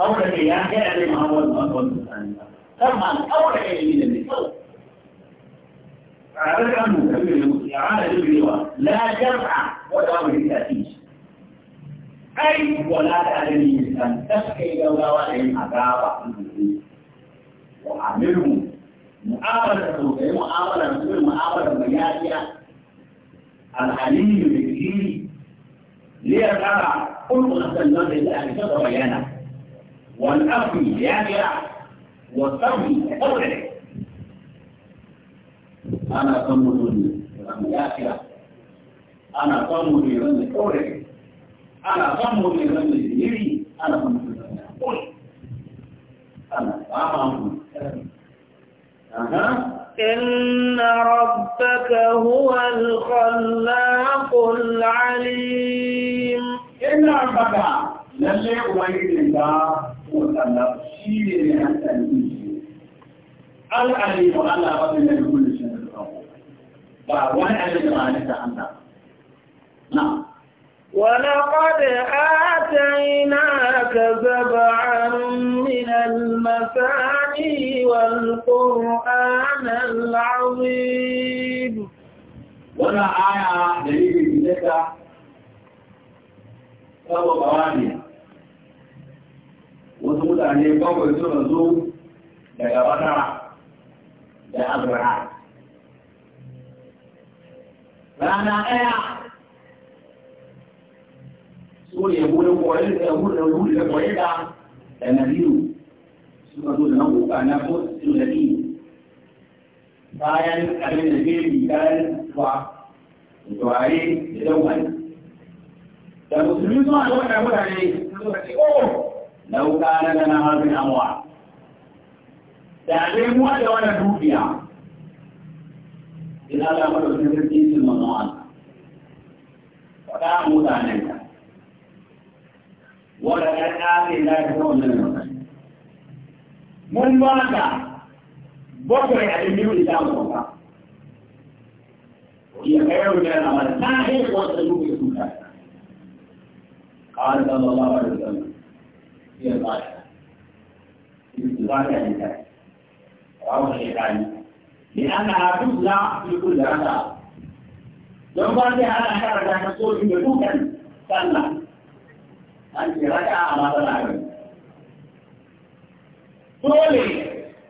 أول شيء يعلم هو المأول الثاني طبعا أول شيء من المثال عارف لا جمع ولا تأسيس أي ولا تعلمي الإنسان تسكي دولة وإن أقاب وعملهم معاملة غير معاملة غير معاملة الحليم بالدين ليرى كل مسلم لله شر بيانا والأخي جامع يعني والصبي قوله أنا صمد يافرة أنا صمد لمن قوله أنا صمد لمن يري أنا صمد لمن قوله أنا صمد أها إن ربك هو الخلاق العليم إن ربك للي أبيتك وتلقى شيء أنت العليم على ربنا كل شيء وأنا أعلم أنك أنت نعم ولقد آتيناك سبعا من المثاني والقرآن العظيم ولا آية دليل لك فهو قواني وثمت أن يقوم بسر الزوم لك بطرة لأبرع فأنا آية سوري يقول قوائل يقول يقول قوائل النبيل suka zo da nan kuka na ko su da ni bayan abin da gemi bayan wa da tuware da dauwani da musulmi suna da wannan mutane sun zo da ce oh lauka na gana harbin amwa da zai muwa da wannan dukiya idan Allah mata wani sarki sun manu'an faɗa mutanen ka wadda ƙarƙa ne za ka kawo nan mun ba ka bakwai a biyu da damu ba ya kai yau da yana mara ta yi wata duka su ta kawai da ba ba da zan ya ba ta ya ba ta ne ta kawo shi ta ne ne ana hafi za su yi kula da don ba ta ana karanta ta so shi da dukan sallah an ce raka a matsala ne dole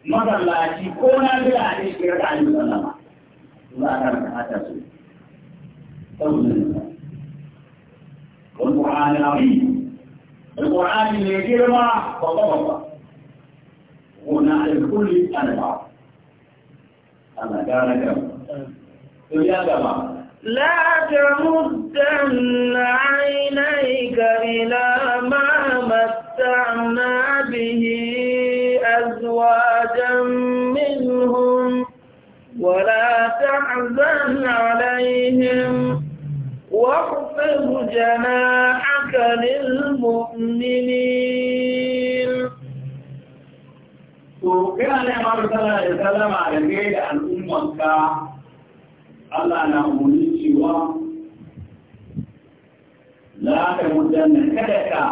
masallaci ko na bila a cikin shirar da alim sallama za a karanta hata su saboda nisa wani ƙwa'ani na wani alƙwa'ani ne girma babba babba wani alkulli ana ba ana gara gaba to ya gaba لا تمدن عينيك إلى ما متعنا به أزواجا منهم ولا تحزن عليهم واخفض جناحك للمؤمنين وكان النبي صلى الله عليه وسلم على غير عن أمك na umarni cewa la ta mudanna kada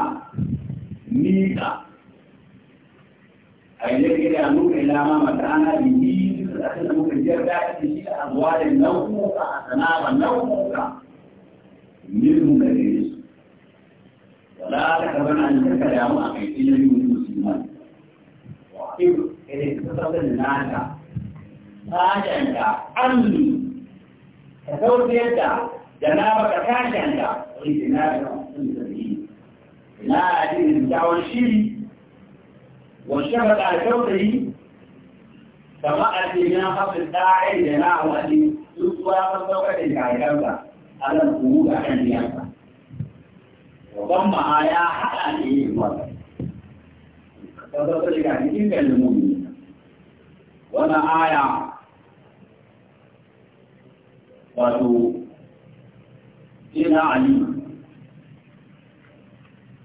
فإذا كده أنوك إلى ما متعنا به الأخير أنوك الجير ذات تشيء أموال النوم فأسنا والنوم منهم الرئيس ولا تحرمن أن تذكر يا مؤمن إلا للمسلمين وأقيم إليك تصل الناس ساجنك أمني كثورتك جنابك ساجنك قلت نابك لا أدري الدعوة الشرك واشتمل على كوكبه سواء الإمام حفظ الداعي لنا أو أن يسوى فوق الكعكة على القلوب عن اليمن وضم آياء حتى أن يمر فوق الكعكة كان المؤمنين وما آياء wato ina عليم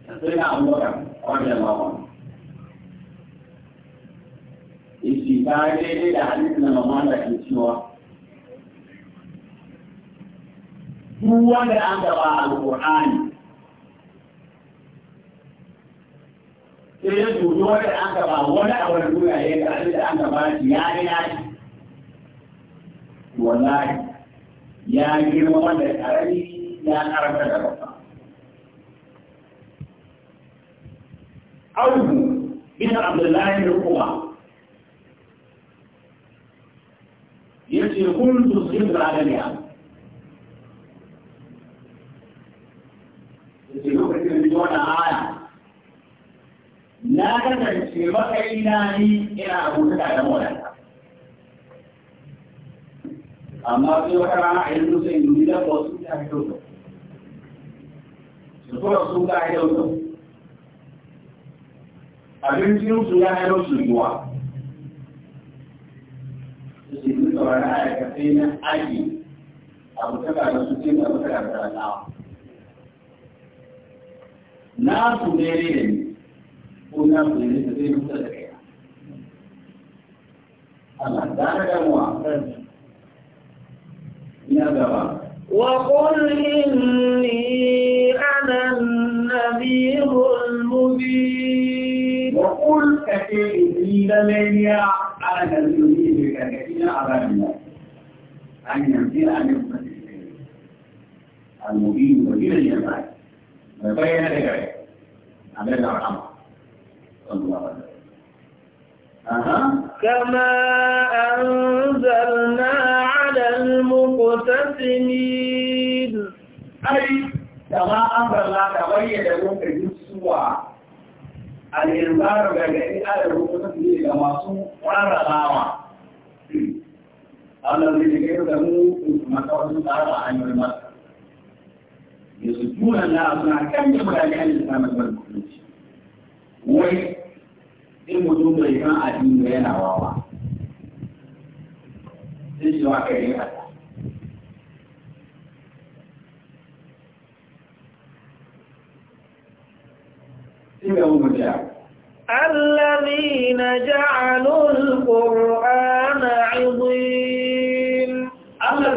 da sai na الله عنه yake ba daidai da hadisin da mamala ke cewa duk wanda an gaba alƙur'ani sai ya dubi wanda an gaba wani abin duniya ya ga abin da an gaba shi ya yi nashi wallahi ya girma wanda ƙarami ya karanta da babba Abu bin Abdullahi bin Umar يمشي كل تصريف العالمي عنه na kasance matsayina ni ina abota da mawadanta amma sai wata rana a yanzu sai yi da ba su ta hito da su tura su ta hito da abincin su ya hito su yiwa da wani aikace na aji abu ta ga su cin abu ta ga talakawa na su ne ne ne ko na su ne da zai mutu da kai Allah da ka damuwa ina gaba وقل إني أنا النذير المبين وقل كثير من لمن يعلم لك صلى الله عليه وسلم كما أنزلنا على المقتسمين أي كما أنزلنا تبين لكم الجسوة الإنذار بجأي على المقتسمين كما سوء ورغاوة Allah zai shiga da mu maka wasu tsara a hanyar masa. Ya su tuna na suna kan da mutane an yi samun bar mutunci. Wai in mutum bai san addini ba yana wawa. Sai shi wa kai ya الذين جعلوا القرآن عظيم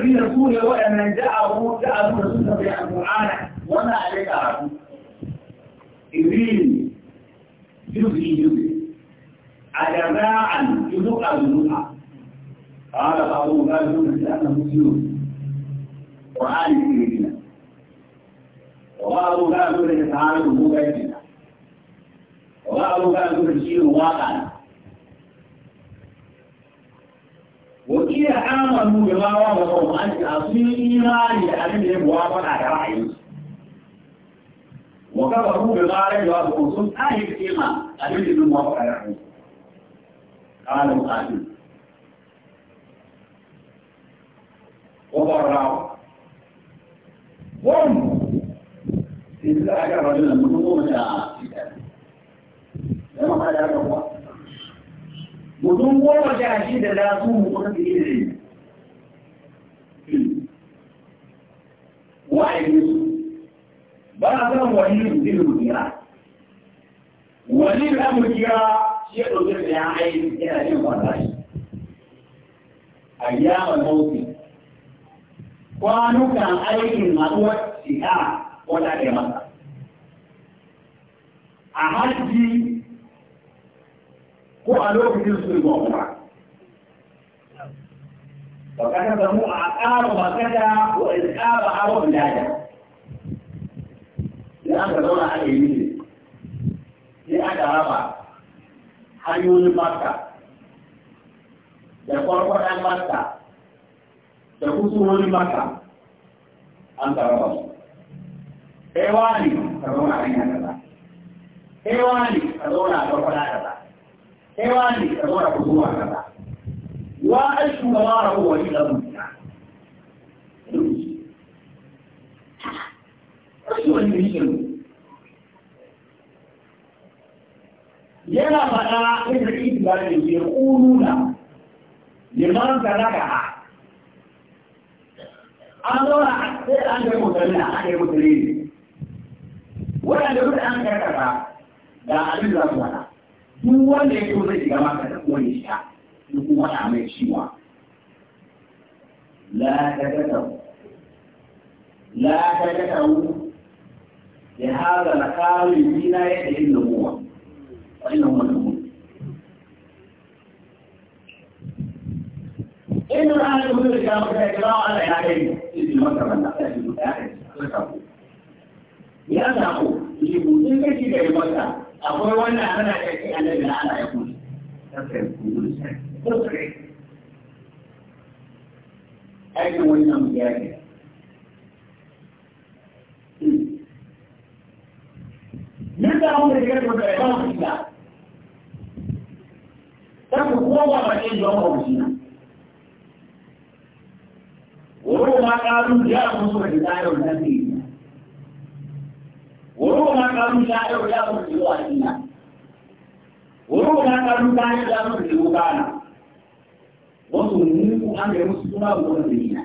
الذين سوني وأن جعلوا جعلوا سنة القرآن وما عليك عرفوا إبريل على ما عن جزء جزء قال بعضهم لا يجوز لأنه مسلم وعالي سيدنا وبعضهم لا يجوز لتعالى وقالوا وبعضهم لا يجوز واقعا Kuki da amanu da bawa ma Qur'ani a sun imani da abin da ya buwa faɗa da da zarar da wasu sun tsaye kema abin na ya buwa faɗa da ra'ayi. Kala mu'adin. Wa barrawa. Wam. na suka aka rajin mutum goma sha shi da za su mutum da ilimi wa'ayi ba a san wani zai rubiya wani da amurkiya shi ya ɗauki da ya aiki yana yin kwanashi a yawon mawuki kwanukan aikin matsuwar shi'a wata ɗaya masa a hajji ko a lokacin su ba kuma wa kada ba mu a ƙara ba kada ko a ƙara abu da ya da aka zauna a yi ne sai aka raba hanyoyin maka da kwarkwaran maka da kusurorin maka an karaba su ɗaya wani ka zauna a hanyar kaza ɗaya wani ka zauna a kwarkwara kaza sai wani ka zo da kusurwa kaza wa ai shugaba rahowa shi da zuciya rashin wani rikin yana faɗa inda ƙi ba da ke ƙununa liman sadaka an zauna sai an kai mutane na an kai mutane ne waɗanda duk an karkata da abin za su faɗa duk wanda ya so zai shiga maka da kowane shiga duk wata mai ciwa la ta gata la ta gata wu ya haza na kawo yina yadda yin nabuwa wannan wannan mun in da ana da wani shiga maka da kira Allah ya kai shi maka banda sai shi ya kai ya zako shi mun kai shi da maka akwai wanda ana kai annabi na ana ya kuma aikin wannan mu ya ke Yin da wanda ya gaba da ya ba da ta ku kowa ba ce zuwa mawuci na. Wuri ma ƙarun ya musu da tsarin nasi ورغم قانون شاعر لا تبدو أسنا ورغم قانون شاعر لا تبدو كان وصنوه أمر مسلمة ومسلمين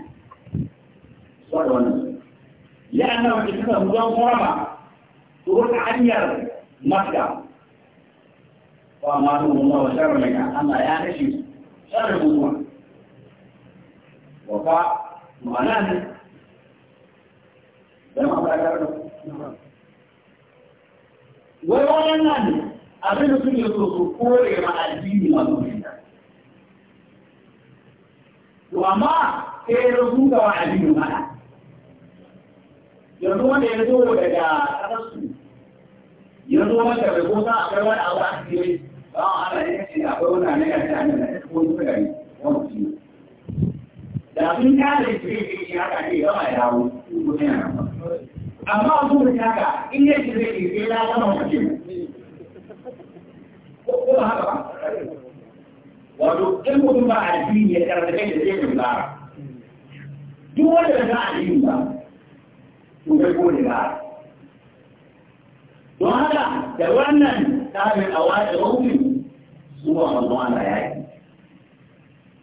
صلى الله عليه وسلم لأنه كتبه مجمع تروح عنير مكة وأمانهم الله وشر لك أما يا نشي شر الموضوع وفاء معناه لما أبقى wai waɗannan abin da suke so su kore ma addini a duniya to amma sai ya su ga addini ma yanzu wanda ya zo daga ƙasarsu ya zo maka da ko za akwai wani abu a cikin ba a ana yin shi akwai wani ne a cikin da ta kuma suka yi wani ciwo da sun kare shi ne shi haka ne gama ya dawo ko yana ba amma wasu mutum haka in yake zai ke sai ya zama mutum ko kuma haka ba wato in mutum ba addini ya karanta kai da zai kan tsara duk wanda ba za addini ba to kai ko ne ba don haka da wannan tsarin a wace rauki su ba manzo Allah ya yi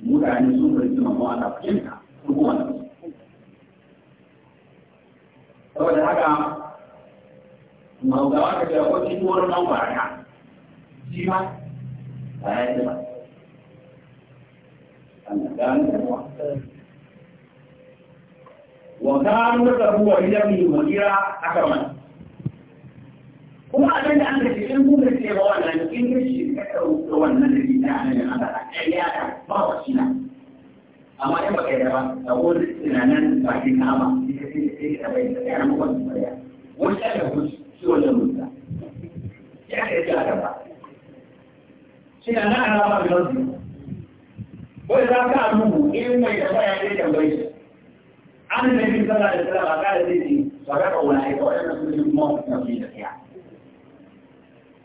mutane sun fahimci manzo Allah fahimta su kuma saboda haka maugawa ka ce ko cikin wani nan baraka shi ma ba ya ce ba وكان ذكره وإليه المغيرة أكرما kuma abin da an ka ce in kuma ce ba wannan in ka ce ka ɗauka wannan da ke ta hanyar Allah ya ta ba wa shi na amma in baka yi ba da wani tunanin bakin ka ba sai ka sai ka bai da yana mu wani baya wani ya da hutu shi wannan mutum ya ka yi da ba shi na nan ana ba da wani wai za ka nuhu in mai da baya ne da bai an da bin sallah da sallah ba ka da zai ba ka kauna ai kawai na su ne mu na fi da ya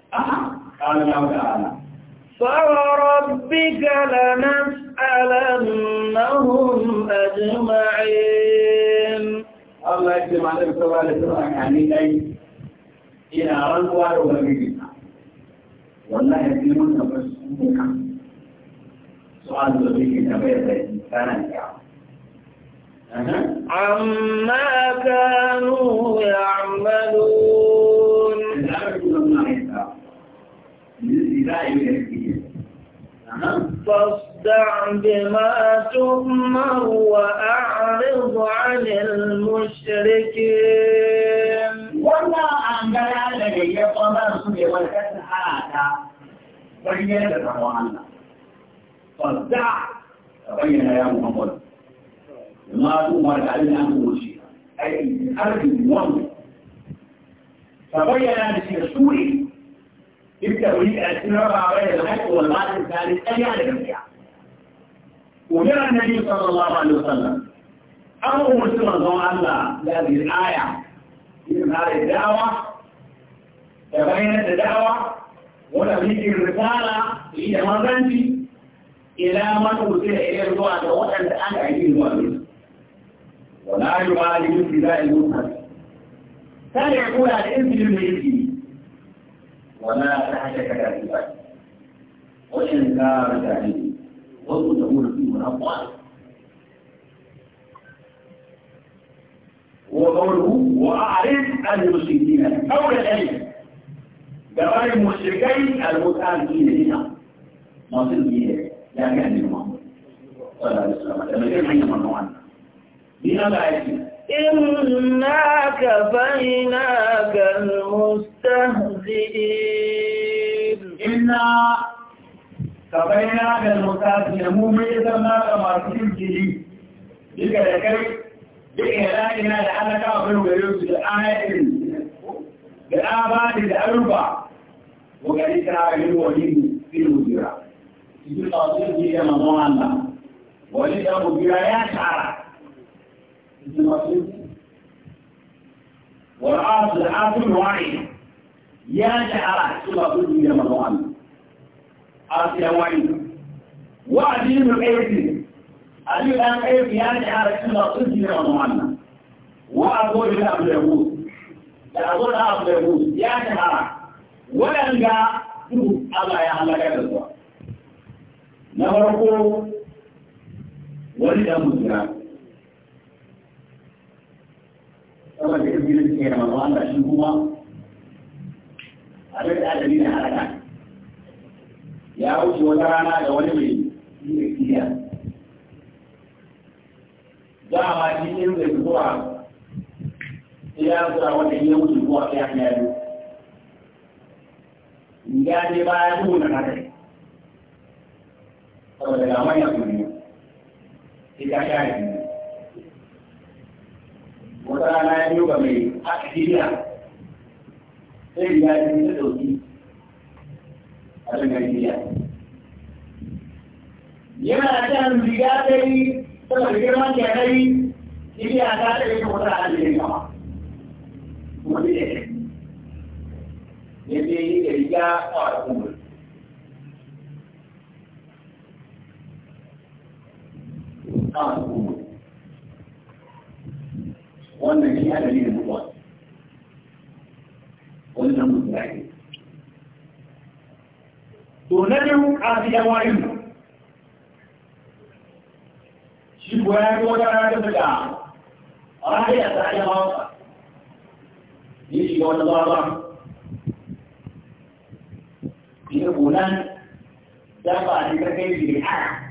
a'a kana ta'ala فوربك لنسألنهم أجمعين الله يكتب عليك يعني إيه؟ سؤال السؤال يعني أي إلى رنوار وبيبنا والله يكلمون نفسك سؤال وبيبنا بيبنا كان يعمل عما كانوا يعملون لا فاصدع بما تؤمر وأعرض عن المشركين وما أنجل الذي يطمر سبي والكسحة بين الله عنا فاصدع بين يا محمد ما تؤمر علينا أن تمشي أي أرجو المؤمن فبين أن تسير سوري بالتوليد ألسن ربع بين الحق والبعض الثالث أن يعلم البيع وجاء النبي صلى الله عليه وسلم أمر مسلم الله الله بهذه الآية من هذه الدعوة تبينت الدعوة ولم يجي الرسالة هي مرضانتي إلى من أرسل إلى الدعاء وأن الآن أعيد الدعاء ولا يبالي من فداء المنهج كان يقول على الإنس للميت وما تحت كتابك وإنكار تعليمه قلت تقول فيه الأبطال وقوله وأعرف عن المشركين أول شيء دوار المشركين المتآمين هنا مصير به لا كان منهم صلى الله عليه وسلم لما كان حي من نوعنا بنا لا يكفي إنا كفيناك المستهزئين إنا كفيناك المستهزئين مو ميزا ما كما تنجلي لك لكي بإهلائنا لأنك أفلو غيرك الآية بالآباد الأربع وقال إسرائيل وليم في الوزراء في الوزراء في الوزراء وقال إسرائيل وليم في الوزراء والعاص العاصم واعي يا جعل سوى كل من مضوان عاص يا واعي وعدين من قيدي أليو الآن قيدي يا جعل سوى كل من مضوان وأقول إلى أبو اليهود أقول إلى أبو اليهود يا جعل ولا أنقى الله يا الله كذا نمرقوا ولد أبو saboda izinin da ke da mazu Allah shi kuma a da adali da haraka ya wuce wata rana da wani mai yi da kiriya za a ma shi in zai zuwa ya zuwa wanda ya wuce zuwa ya fiya yi ya je ba ya duhu na kare saboda ga manyan kuma ne sai ta share ne wata rana ya biyo ga mai akademiya sai ya yi ta dauki a kan Najeriya. Yana kan riga ta yi, tana da girman ta ta yi, Siriya ta ta yi ta wata rana da ya kama. Kuma ne da ya ce yi da riga a wata kuma. A wata kuma. وأن في هذا دين الله ولنا مزعجين تندعو عادي أوائل شكوى ولا عادة بدعا رأي أسعي غاطة يشكوى الله في فلان دفع لكيفي بالحرام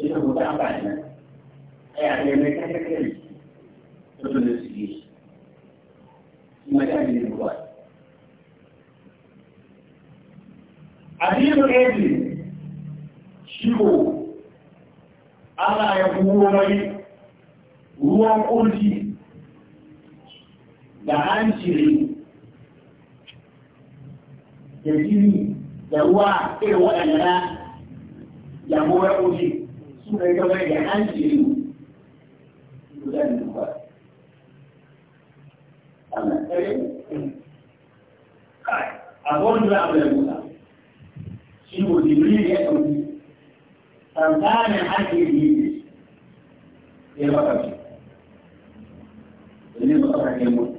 إنه دفع لكيفي يعني ما يتكلم ضد المسلمين في مجال النبوات عديد الأبل شيكو ألا يكون لي ruwan ƙulki da hanciri da jini da ruwa irin waɗanda na yamuwar ƙulki su ne gaba da hanciri لن يفكر أما أقول لا أبدا موسى شنو جبريل يأتي فكان حكي إبليس يا بكر اللي بكر حكي موسى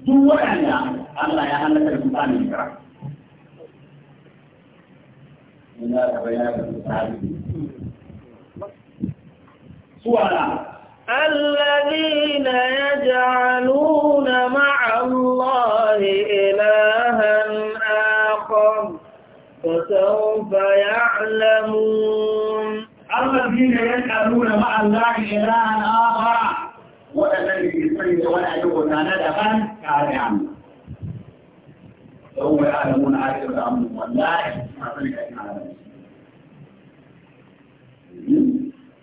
دو وعلا الله يا هلا الإنسان يكره من هذا بيان الإنسان سؤال الذين يجعلون مع الله إلها آخر فسوف يعلمون الذين يجعلون مع الله إلها آخر والذي يصير ولا يكون ندفا كان يعمل فهو يعلمون عاجل الأمر والله ما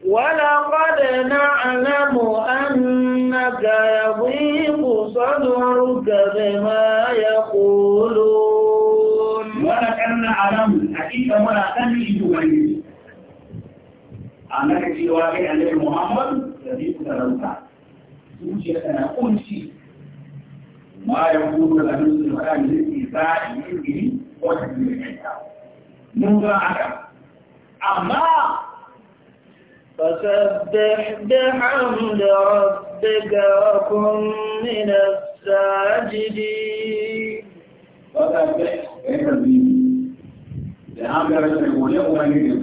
wala kwade na alamu, mo an na gaya wi mo so nou gave ma ya kolo wala ka mo na kan ni ju wan ana ka ji wa an le mo mamba jadi ta ra ta na on si ma ya ku na la ni ni ma ni ni ta ni ni ko ta ni ni ta mo amma فسبح بحمد ربك وكن من الساجدين فسبح بحمد ربك وكن من الساجدين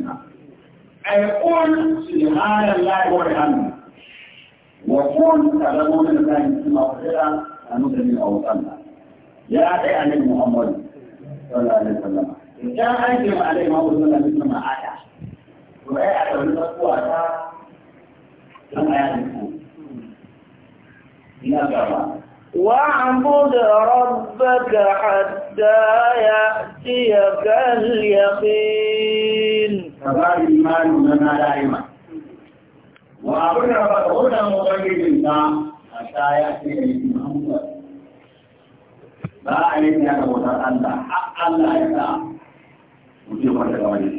أي قل سبحان الله وبحمده وقل تعلمون أن الله يسمى أن المسلمين أو صلى يا أخي علي محمد صلى الله عليه وسلم كان أجمع عليه محمد صلى الله عليه وسلم آية واعبد ربك حتى يأتيك اليقين فقال الإيمان لنا دائما واعبد ربك حتى يأتيك اليقين ba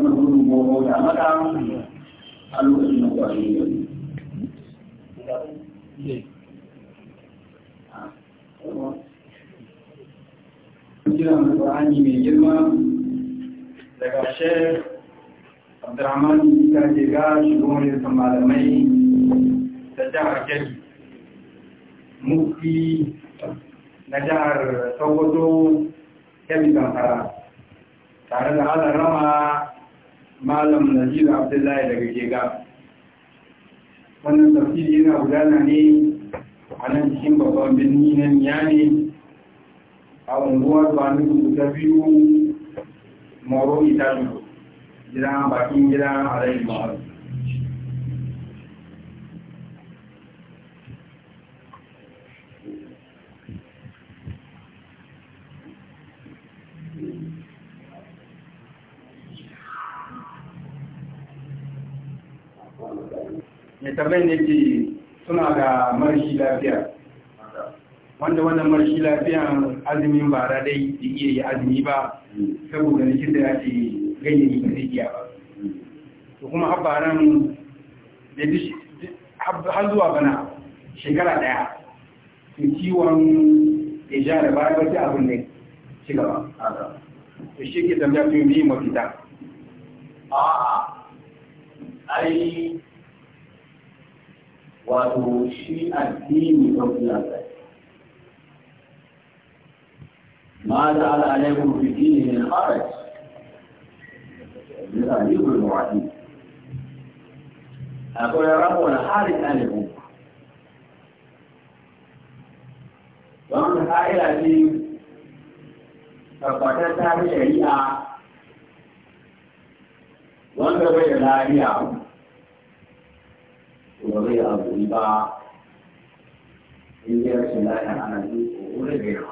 suna gudun gogo da maka a da da na jihar Sokoto Kebbi tare da halar rama malam naziru abdullahi daga jega wannan tafsiri yana gudana ne a nan cikin babban birni na miyane a unguwar banu ta biyu moro italiya gidan bakin gidan alayi ne ke suna da marashi lafiya wanda wannan marashi lafiyan azumin bara dai da iya yi azumi ba saboda likita ya ce ganyayi ba zai iya ba to kuma habbaran da har zuwa bana shekara daya su ciwon ya da bayan ba abin da ci gaba to shi ke tambaya to yi mafita a ai wato shi addini sauki a tsaye ma da ala alaikum fi dini min haraj yusallihu al-mu'adid akwai rabu wal haraj alaikum wannan ka'ida ce tabbatar ta shari'a wanda bai da lafiya 我们要五一八，应该是来看看我们这样。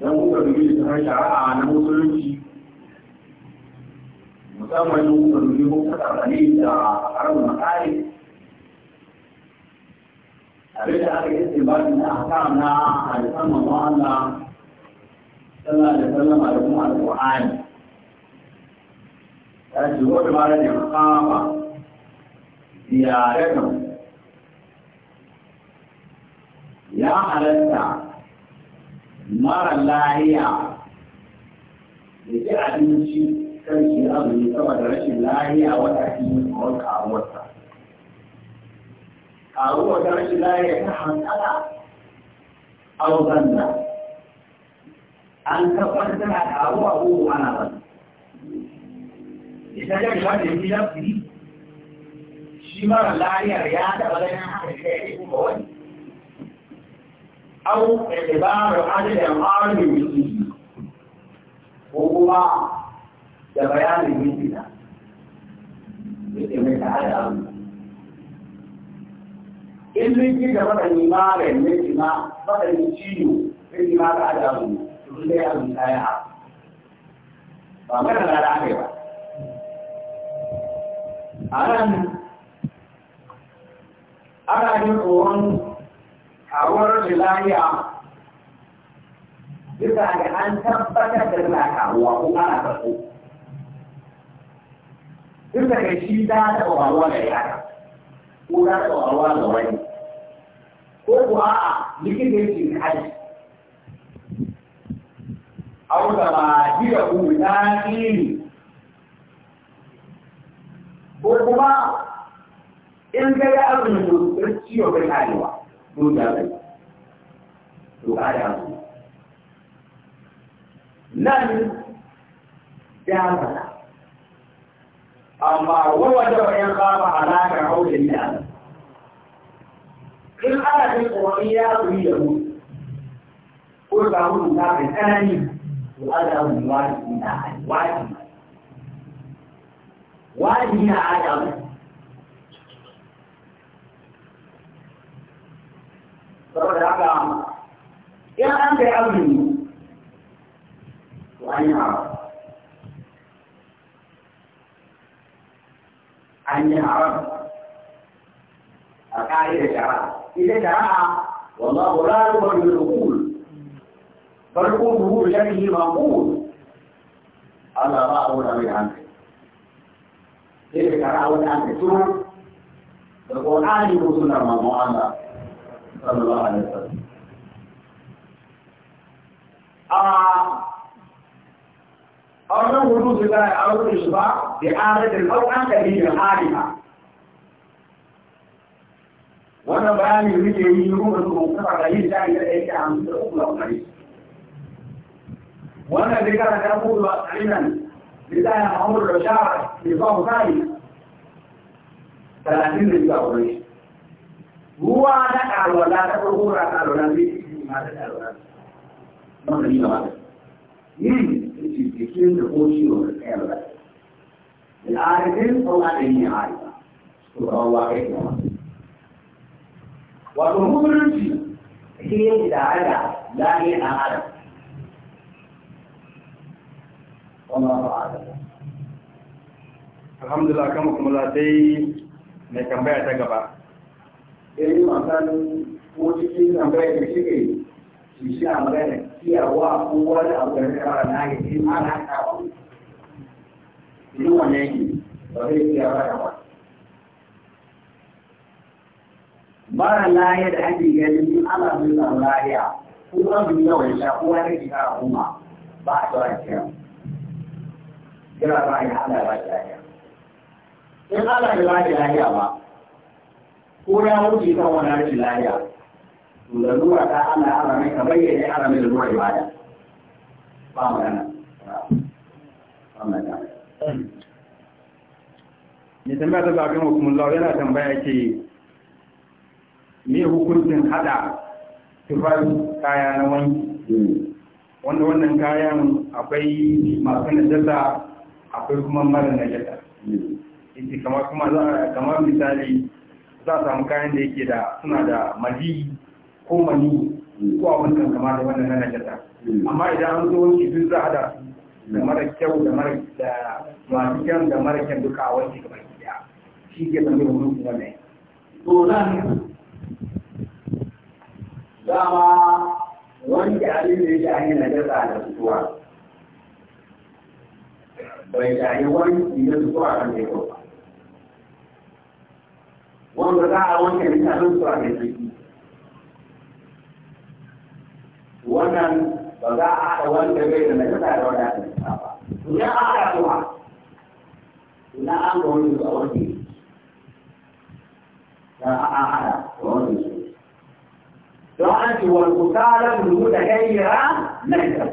dan kuka dubi ta har shari'a na musulunci musamman yin kuka dubi ko ta tsakani da haramun makari abin da aka yi tsibarin da aka na hadisan mamma Allah sallallahu alaihi wasallam da kuma alƙur'ani ta ce wata mara ne makama يا حلتا مر اللهية لكي أدنشي كيشي أبني سوى درش اللهية وتأكيد مرور كاروتا كاروة درش اللهية تحمل أدا أو ظنّا أن تقدمها كاروة أنا ظنّا إذا جاء جواب الكلاب shi mara lafiyar ya taɓa ganin haka shi ya yi kuma wani au itibaru adadin arzikin miki ko kuma da bayanin miki na yake mai tare da abu in miki da matsayi maganin miki ma matsayin ciwo miki ma ga adamu su zai abu kayan abu ba mara lalata ba a nan ana yin tsoron karuwar lafiya bisa ga an tabbatar da tana karuwa ko ana karɓo. Duk daga shi ta taɓa faruwa da yara, ko ta taɓa faruwa da wani, ko kuwa a likita yake kaji. Au da ba jiya ku ta ƙi ko kuma in ga ya azumin dokar ciwo ga karewa doka bai doka da azumi nan damana amma wawa da bayan kama alaƙar haulin da azumi in ana jin tsoron ya azumi da mutu ko ga mutu ta kai tsanani to ana azumi wajibi na wajibi wajibi na adamu saboda haka in an kai azumi to an yi haram an yi والله لا يقبل بالعقول بل قوله بشكله منقول على من عنك تلك رأوا الآن تسوم القرآن يوصلنا من معنا صلى الله عليه وسلم آه، أولا وجود الله أو الإشباع بحالة الأوقات التي الحالها وأنا بيان يريد أن يكون المنطقة غير جاهزة إليك عن الأخرى والغريب وأنا ذكرت أقول أيضا بداية عمر البشارة نظام ثاني 30 دقيقة ruwa na alwala ta farko ra ta alwala ne ma ta alwala mun yi ba yin shi ke cikin da ko shi wa ta alwala al'adin ko al'adin ya ai to ba wa kai ba wato mutunci shi da ala la ne da ala wannan ba ala alhamdulillah kama kuma la dai mai tambaya ta gaba 因为马上估计经常被这个几下来，第二话不管了，我们要拿给你拿来搞。如果你我这第二话搞。mara lahiya da ake gani ana nuna lahiya ko an bi yawan sha ko wani ke kuma ba a tsawon kiyar kira ba ya hada ba lahiya in ana da lahiya ba ko ya wuce kan wani rashin lafiya to da zuwa ta Allah ya arame ka bayyane arame da zuwa ibada ba magana ba magana ne tambaya ta hukumun hukumullahu yana tambaya ke me hukuncin haɗa tufar kaya na wanki wanda wannan kayan akwai masu najasa akwai kuma mara najasa inda kamar kuma za kamar misali za a samu kayan da yake da suna da maji ko mani ko abin kan kama da wannan na jata hmm. amma idan an zo wanki duk za a da su da hmm. mara kyau da mara da masu kyan da mara kyan duka a wanki gaba ɗaya shi ke zama da mulkin wannan to nan dama wanke abin da yake hanyar najasa da fituwa bai wani wanki na fituwa kan da yau wanda za a wanke littafin su a gaji wannan ba za a haɗa wanda bai da nakasa da wanda aka nisa ba to ya haɗa kuma ina an ga wani a wanke dan an haɗa ga wani su don an ce wal kutalar rubuta gayyara nakasa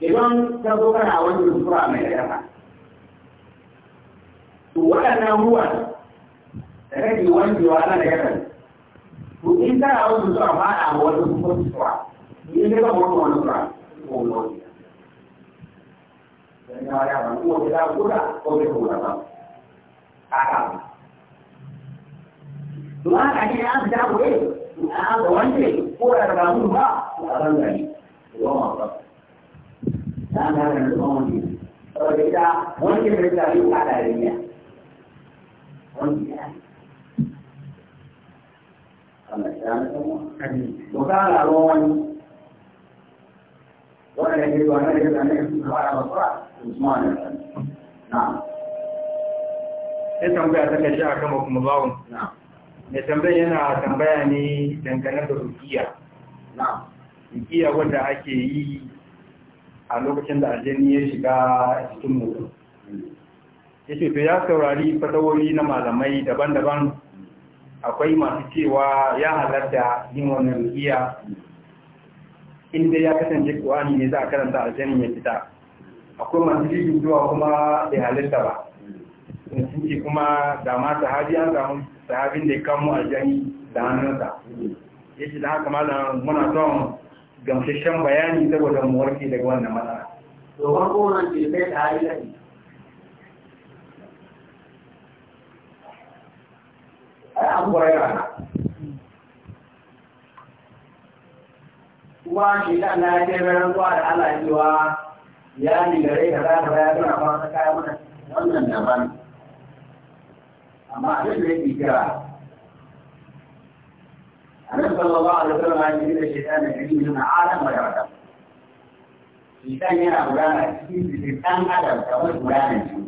idan ta zo kana wani sura mai rafa to waɗannan ruwan da kake wankewa na da gadan to in kana wani zuwa ba a wani kuma zuwa in ka ga wani wani zuwa ko wani dan ya ya ban ko da kula ko da kula ba a ka to an ka ne an da wai an da wanke ko da ba mun ba a ran gari ko ma ba dan da ran ko wani saboda ita wanke da ta yi a da riya wanke Allah ya mu to ka ga wani wannan ne ba ne da ne su na sai tambaya ta kashi a kama kuma bawon mai tambaya yana tambaya ne dangane da rukiya rukiya wadda ake yi a lokacin da aljani ya shiga cikin mutum ya ce to ya saurari fatawoli na malamai daban-daban akwai masu cewa ya halarta yin wannan rukiya inda ya kasance kuwani ne za a karanta aljanin ya fita akwai masu jirgin zuwa kuma bai halitta ba sun ce kuma da ma sahabi an samu sahabin da ya kamo aljani da hannunsa ya ce da haka mana muna son gamsasshen bayani saboda mu warke daga wannan matsala. to farko wannan ai abu huraira na kuma shi da na ce ran zuwa da Allah cewa ya ni gare ka za ka ya tana fara kaya mana wannan daban amma abin da yake kira annabi sallallahu a wasallam ya yi da shaytan da yi na adam da adam shaytan yana gudana cikin jikin adam kamar gudanar shi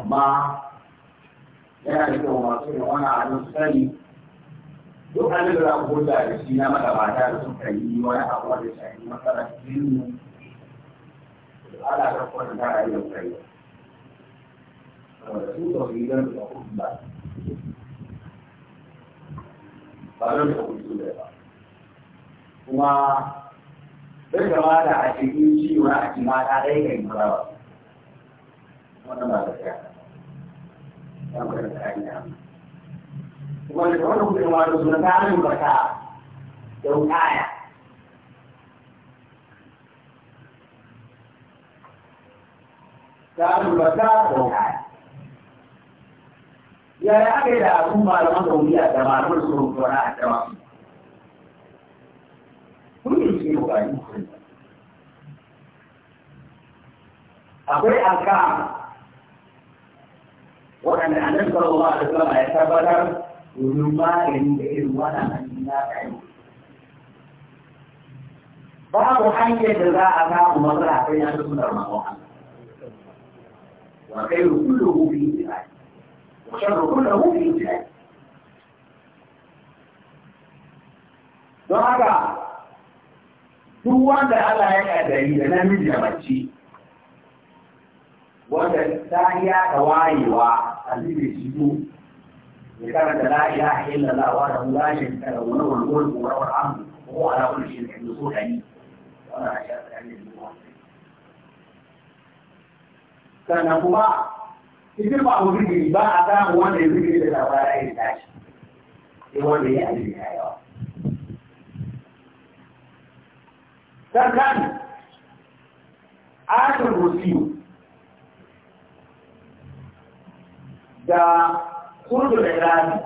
amma yana da kyau masu yin wani abin su sani duk abin da za ku hulɗa da shi na magabata da suka yi wani abu da shafi matsalar ilmi da ala ta kwanta a yau kai saboda su tauri don da kuɗi ba ba don da kuɗi da ba kuma duk da mata a cikin ciwo na a cikin mata ɗaya kan yi ba wannan ba da kyau wanda da wannan kudin wani suna ta hannun baka da wukaya ta hannun baka da wukaya yaya aka yi da abun malaman gauniya da malaman surun kora a jama kun yi shi bukari akwai alkama waɗanda annabi sallallahu alaihi wasallam ya tabbatar domin magani da irin wannan annabi babu hanyar da za a samu matsala sai ya ga sunar manzon Allah wa khairu kulluhu fi ijtihad wa sharru kulluhu fi ijtihad don haka duk wanda Allah ya kaddari da namiji da mace wanda ta iya da wayewa الذي يسجدوا لكان لا اله الا الله وحده لا شريك له وله الملك وله الامر وهو على كل شيء في النصوص يعني وانا كان هو في بعض الذكر باع كان هو اللي يذكر الى غير الناس هو اللي يعني الحيوان كان كان عاد آية الرسول da kurdu da rani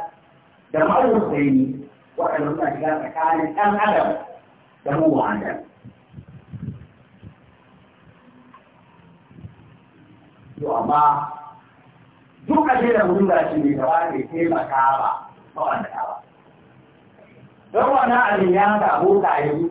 da marar sayi waɗanda suna shiga tsakanin ɗan adam da mu adam. To amma duk a jera wurin da shi ne gaba ne taimaka ba mawanda ta ba. Don wannan abin ya samu ta yi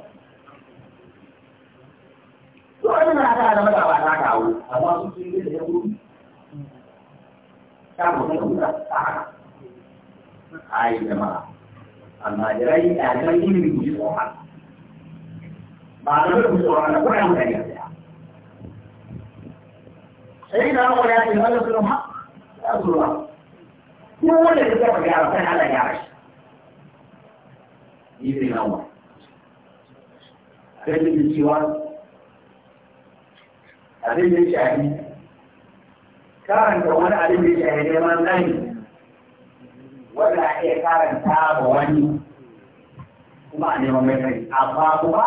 to wani na ta da maza ba ta kawo amma su sun yi da ya gudu ta mu ta kuka ta haka ai jama'a amma jirai da kan ilimi ku ji tsoron ba da ku tsoron da kuma mutane da ya sai da ku ya ce wannan sunan ha ya zuwa ko wanda ya ga ya ba sai Allah ya rashi yi ne nawa sai da cewa abin da ya shafi karanta wani abin da ya shafi neman nani wanda a iya karanta ba wani kuma a neman mai kai amma kuma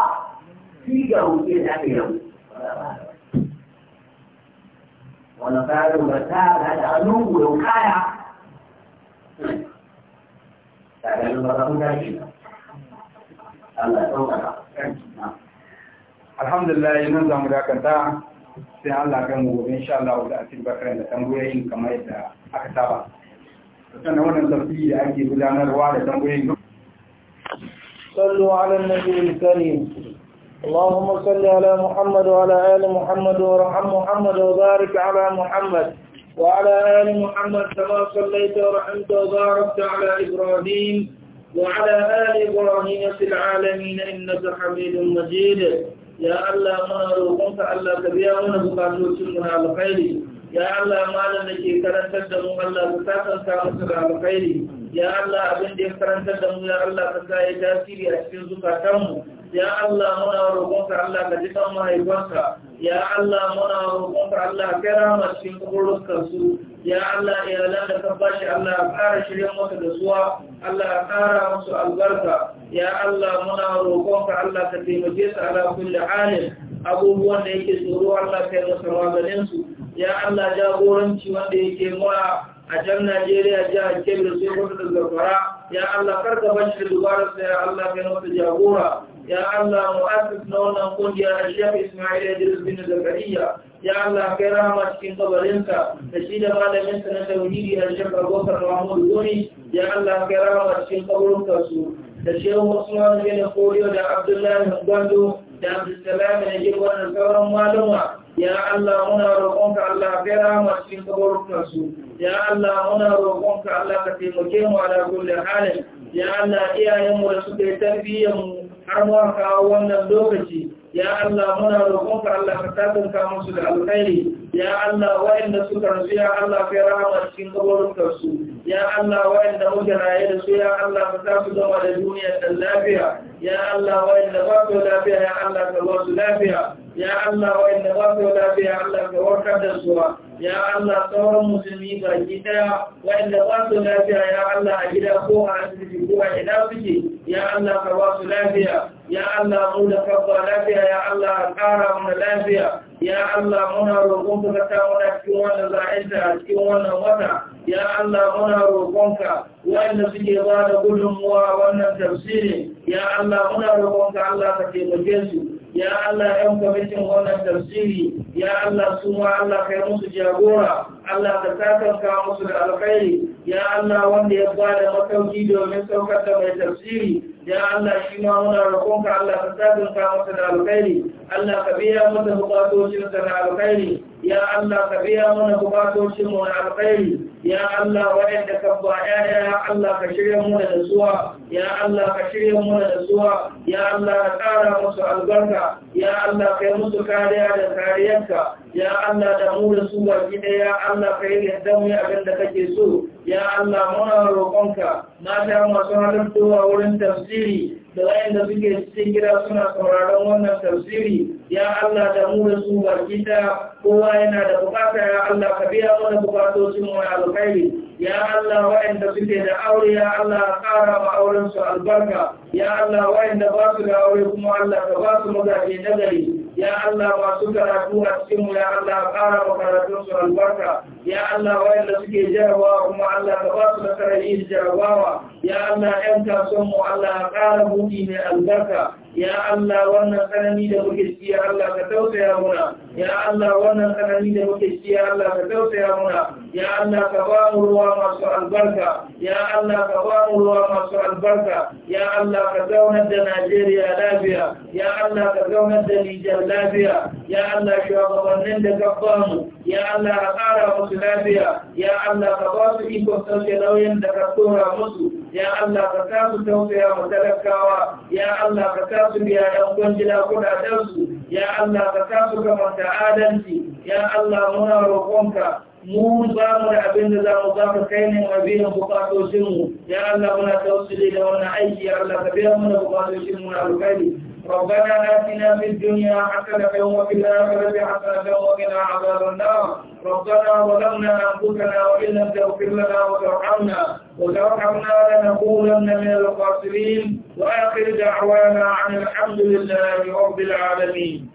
shi ga hukuki da aka yi rabu wani kayan da ta da hannun gudun kaya tare da zafin gashi Allah ya ɗaukaka. Alhamdulillah, nan zamu dakanta sai Allah kan gobe insha Allah da asir da tambayoyin kamar yadda aka saba sannan wannan da ake gudanarwa da tambayoyin صلوا على النبي الكريم اللهم صل على محمد وعلى آل محمد وارحم محمد وبارك على محمد وعلى آل محمد كما صليت ورحمت وباركت على إبراهيم وعلى آل إبراهيم في العالمين إنك حميد مجيد ya Allah muna roƙonka Allah ka biya mana bukatocin mu na alkhairi ya Allah malam da ke karantar da mu Allah ka sakanta masa da alkhairi ya Allah abin da ya karantar da mu ya Allah ka sa ya tasiri a cikin mu. ya Allah muna roƙonka Allah ka ji kan mahaifanka ya Allah muna roƙonka Allah ka rama cikin kaburukan su ya Allah iyalan da ka bashi Allah ka ƙara shirya maka da suwa Allah ka ƙara musu albarka ya Allah muna roƙonka Allah ka taimake su ala kulli halin abubuwan da yake tsoro Allah ka yi masa maganin su ya Allah jagoranci wanda yake mura a can Najeriya jihar Kebbi sai gwamnatin Zamfara ya Allah karka bashi da dubara sai ya Allah kai wata jagora ya Allah mu'assis na wannan kungiya a Sheikh Ismail Idris bin Zakariya ya Allah kai rahama cikin kabarinsa da shi da malamin sa na tauhidi a Sheikh Abubakar Mahmud Goni ya Allah kai rahama cikin kabarinsa su da wani Usman bin Koriyo da Abdullahi Gwando da Abdulsalam da Jirgin da sauran maluma ya Allah muna roƙonka Allah kai rahama cikin kabarinsa su ya Allah muna roƙonka Allah ka taimake mu a kulli halin ya Allah iyayenmu da suka yi tarbiyyar mu har mu kawo wannan lokaci ya Allah muna roƙonka Allah ka tatunka musu da alkhairi ya Allah wa'anda suka rasu ya Allah kai rahama cikin kaburukan su ya Allah wa'anda muke raye da su ya Allah ka tafi zama da duniya da lafiya ya Allah wa'anda ba su lafiya ya Allah ka ba su lafiya ya Allah wa'anda ba su lafiya Allah ka warkar da su ya Allah sauran musulmi ba daya wa'anda ba su lafiya ya Allah a gida ko a asibiti ko a ina suke ya Allah ka ba su lafiya يا الله مولى فضلاتها يا الله قارا من الانبياء يا الله منا رغم فتاونا كيوانا زائلتا كيوانا وطا يا الله منا رغمك وإن سكي ضاد كل موا وإن تفسيري يا الله منا رغمك الله تكي مجلسي ya Allah yan kwamitin wannan tafsiri ya Allah su ma Allah kai musu jagora Allah ka takanka musu da alkhairi ya Allah wanda ya ba da makauki domin saukar da mai tafsiri ya Allah shi ma muna roƙonka Allah ka takanka musu da alkhairi Allah ka biya mana bukatocin sa da alkhairi ya Allah ka biya mana bukatocin mu na alkhairi ya Allah wayanda ka ba ƴaƴa ya Allah ka shirya mu da zuwa. ya Allah ka shirya mu da zuwa. ya Allah ka ƙara musu albarka ya Allah ka musu kariya da kariyanka. ya Allah da mu da su ga gida ya Allah ka yi yadda mu abin kake so ya Allah muna roƙonka mata masu tuwa wurin tafsiri da da suke cikin gida suna sauraron wannan tafsiri ya Allah da mu da su ga gida kowa yana da bukata ya Allah ka biya mana bukatocin mu ya alkhairi ya Allah wa'anda suke da aure ya Allah ƙara ma auren su albarka ya Allah wa'anda ba su da aure kuma Allah ka ba su mazaje nagari يا الله ما سكر أكون أسكم يا الله قال وقال تنصر البركة يا الله وإن لسكي جهوا وما الله تواصل كرئيس جهوا يا الله أنت سم الله قال مدين البركة يا الله وانا خنمي لبكش يا الله كتوت يا منا يا الله وانا خنمي لبكش يا الله كتوت يا منا يا الله كبان الله ما شاء البركة يا الله كبان الله ما شاء البركة يا الله كتوت نجنا جريا لابيا يا الله كتوت نجنا lafiya ya Allah shugabannin da ka ba mu ya Allah ka ƙara musu lafiya ya Allah ka ba su ikon sauke nauyin da ka tura musu ya Allah ka sa su tausaya wa talakawa ya Allah ka sa su biya ɗan kwangila kuɗaɗensu ya Allah ka sa su kamar da adalci ya Allah muna roƙonka mu za za mu kai ne biyan mu ya Allah muna tausiri da wannan aiki ya Allah ka biya mu na ربنا آتنا في الدنيا حسنة وفي الآخرة حسنة وقنا عذاب النار ربنا ظلمنا أنفسنا وإن لم تغفر لنا وترحمنا وترحمنا لنكونن من الخاسرين وآخر دعوانا عن الحمد لله رب العالمين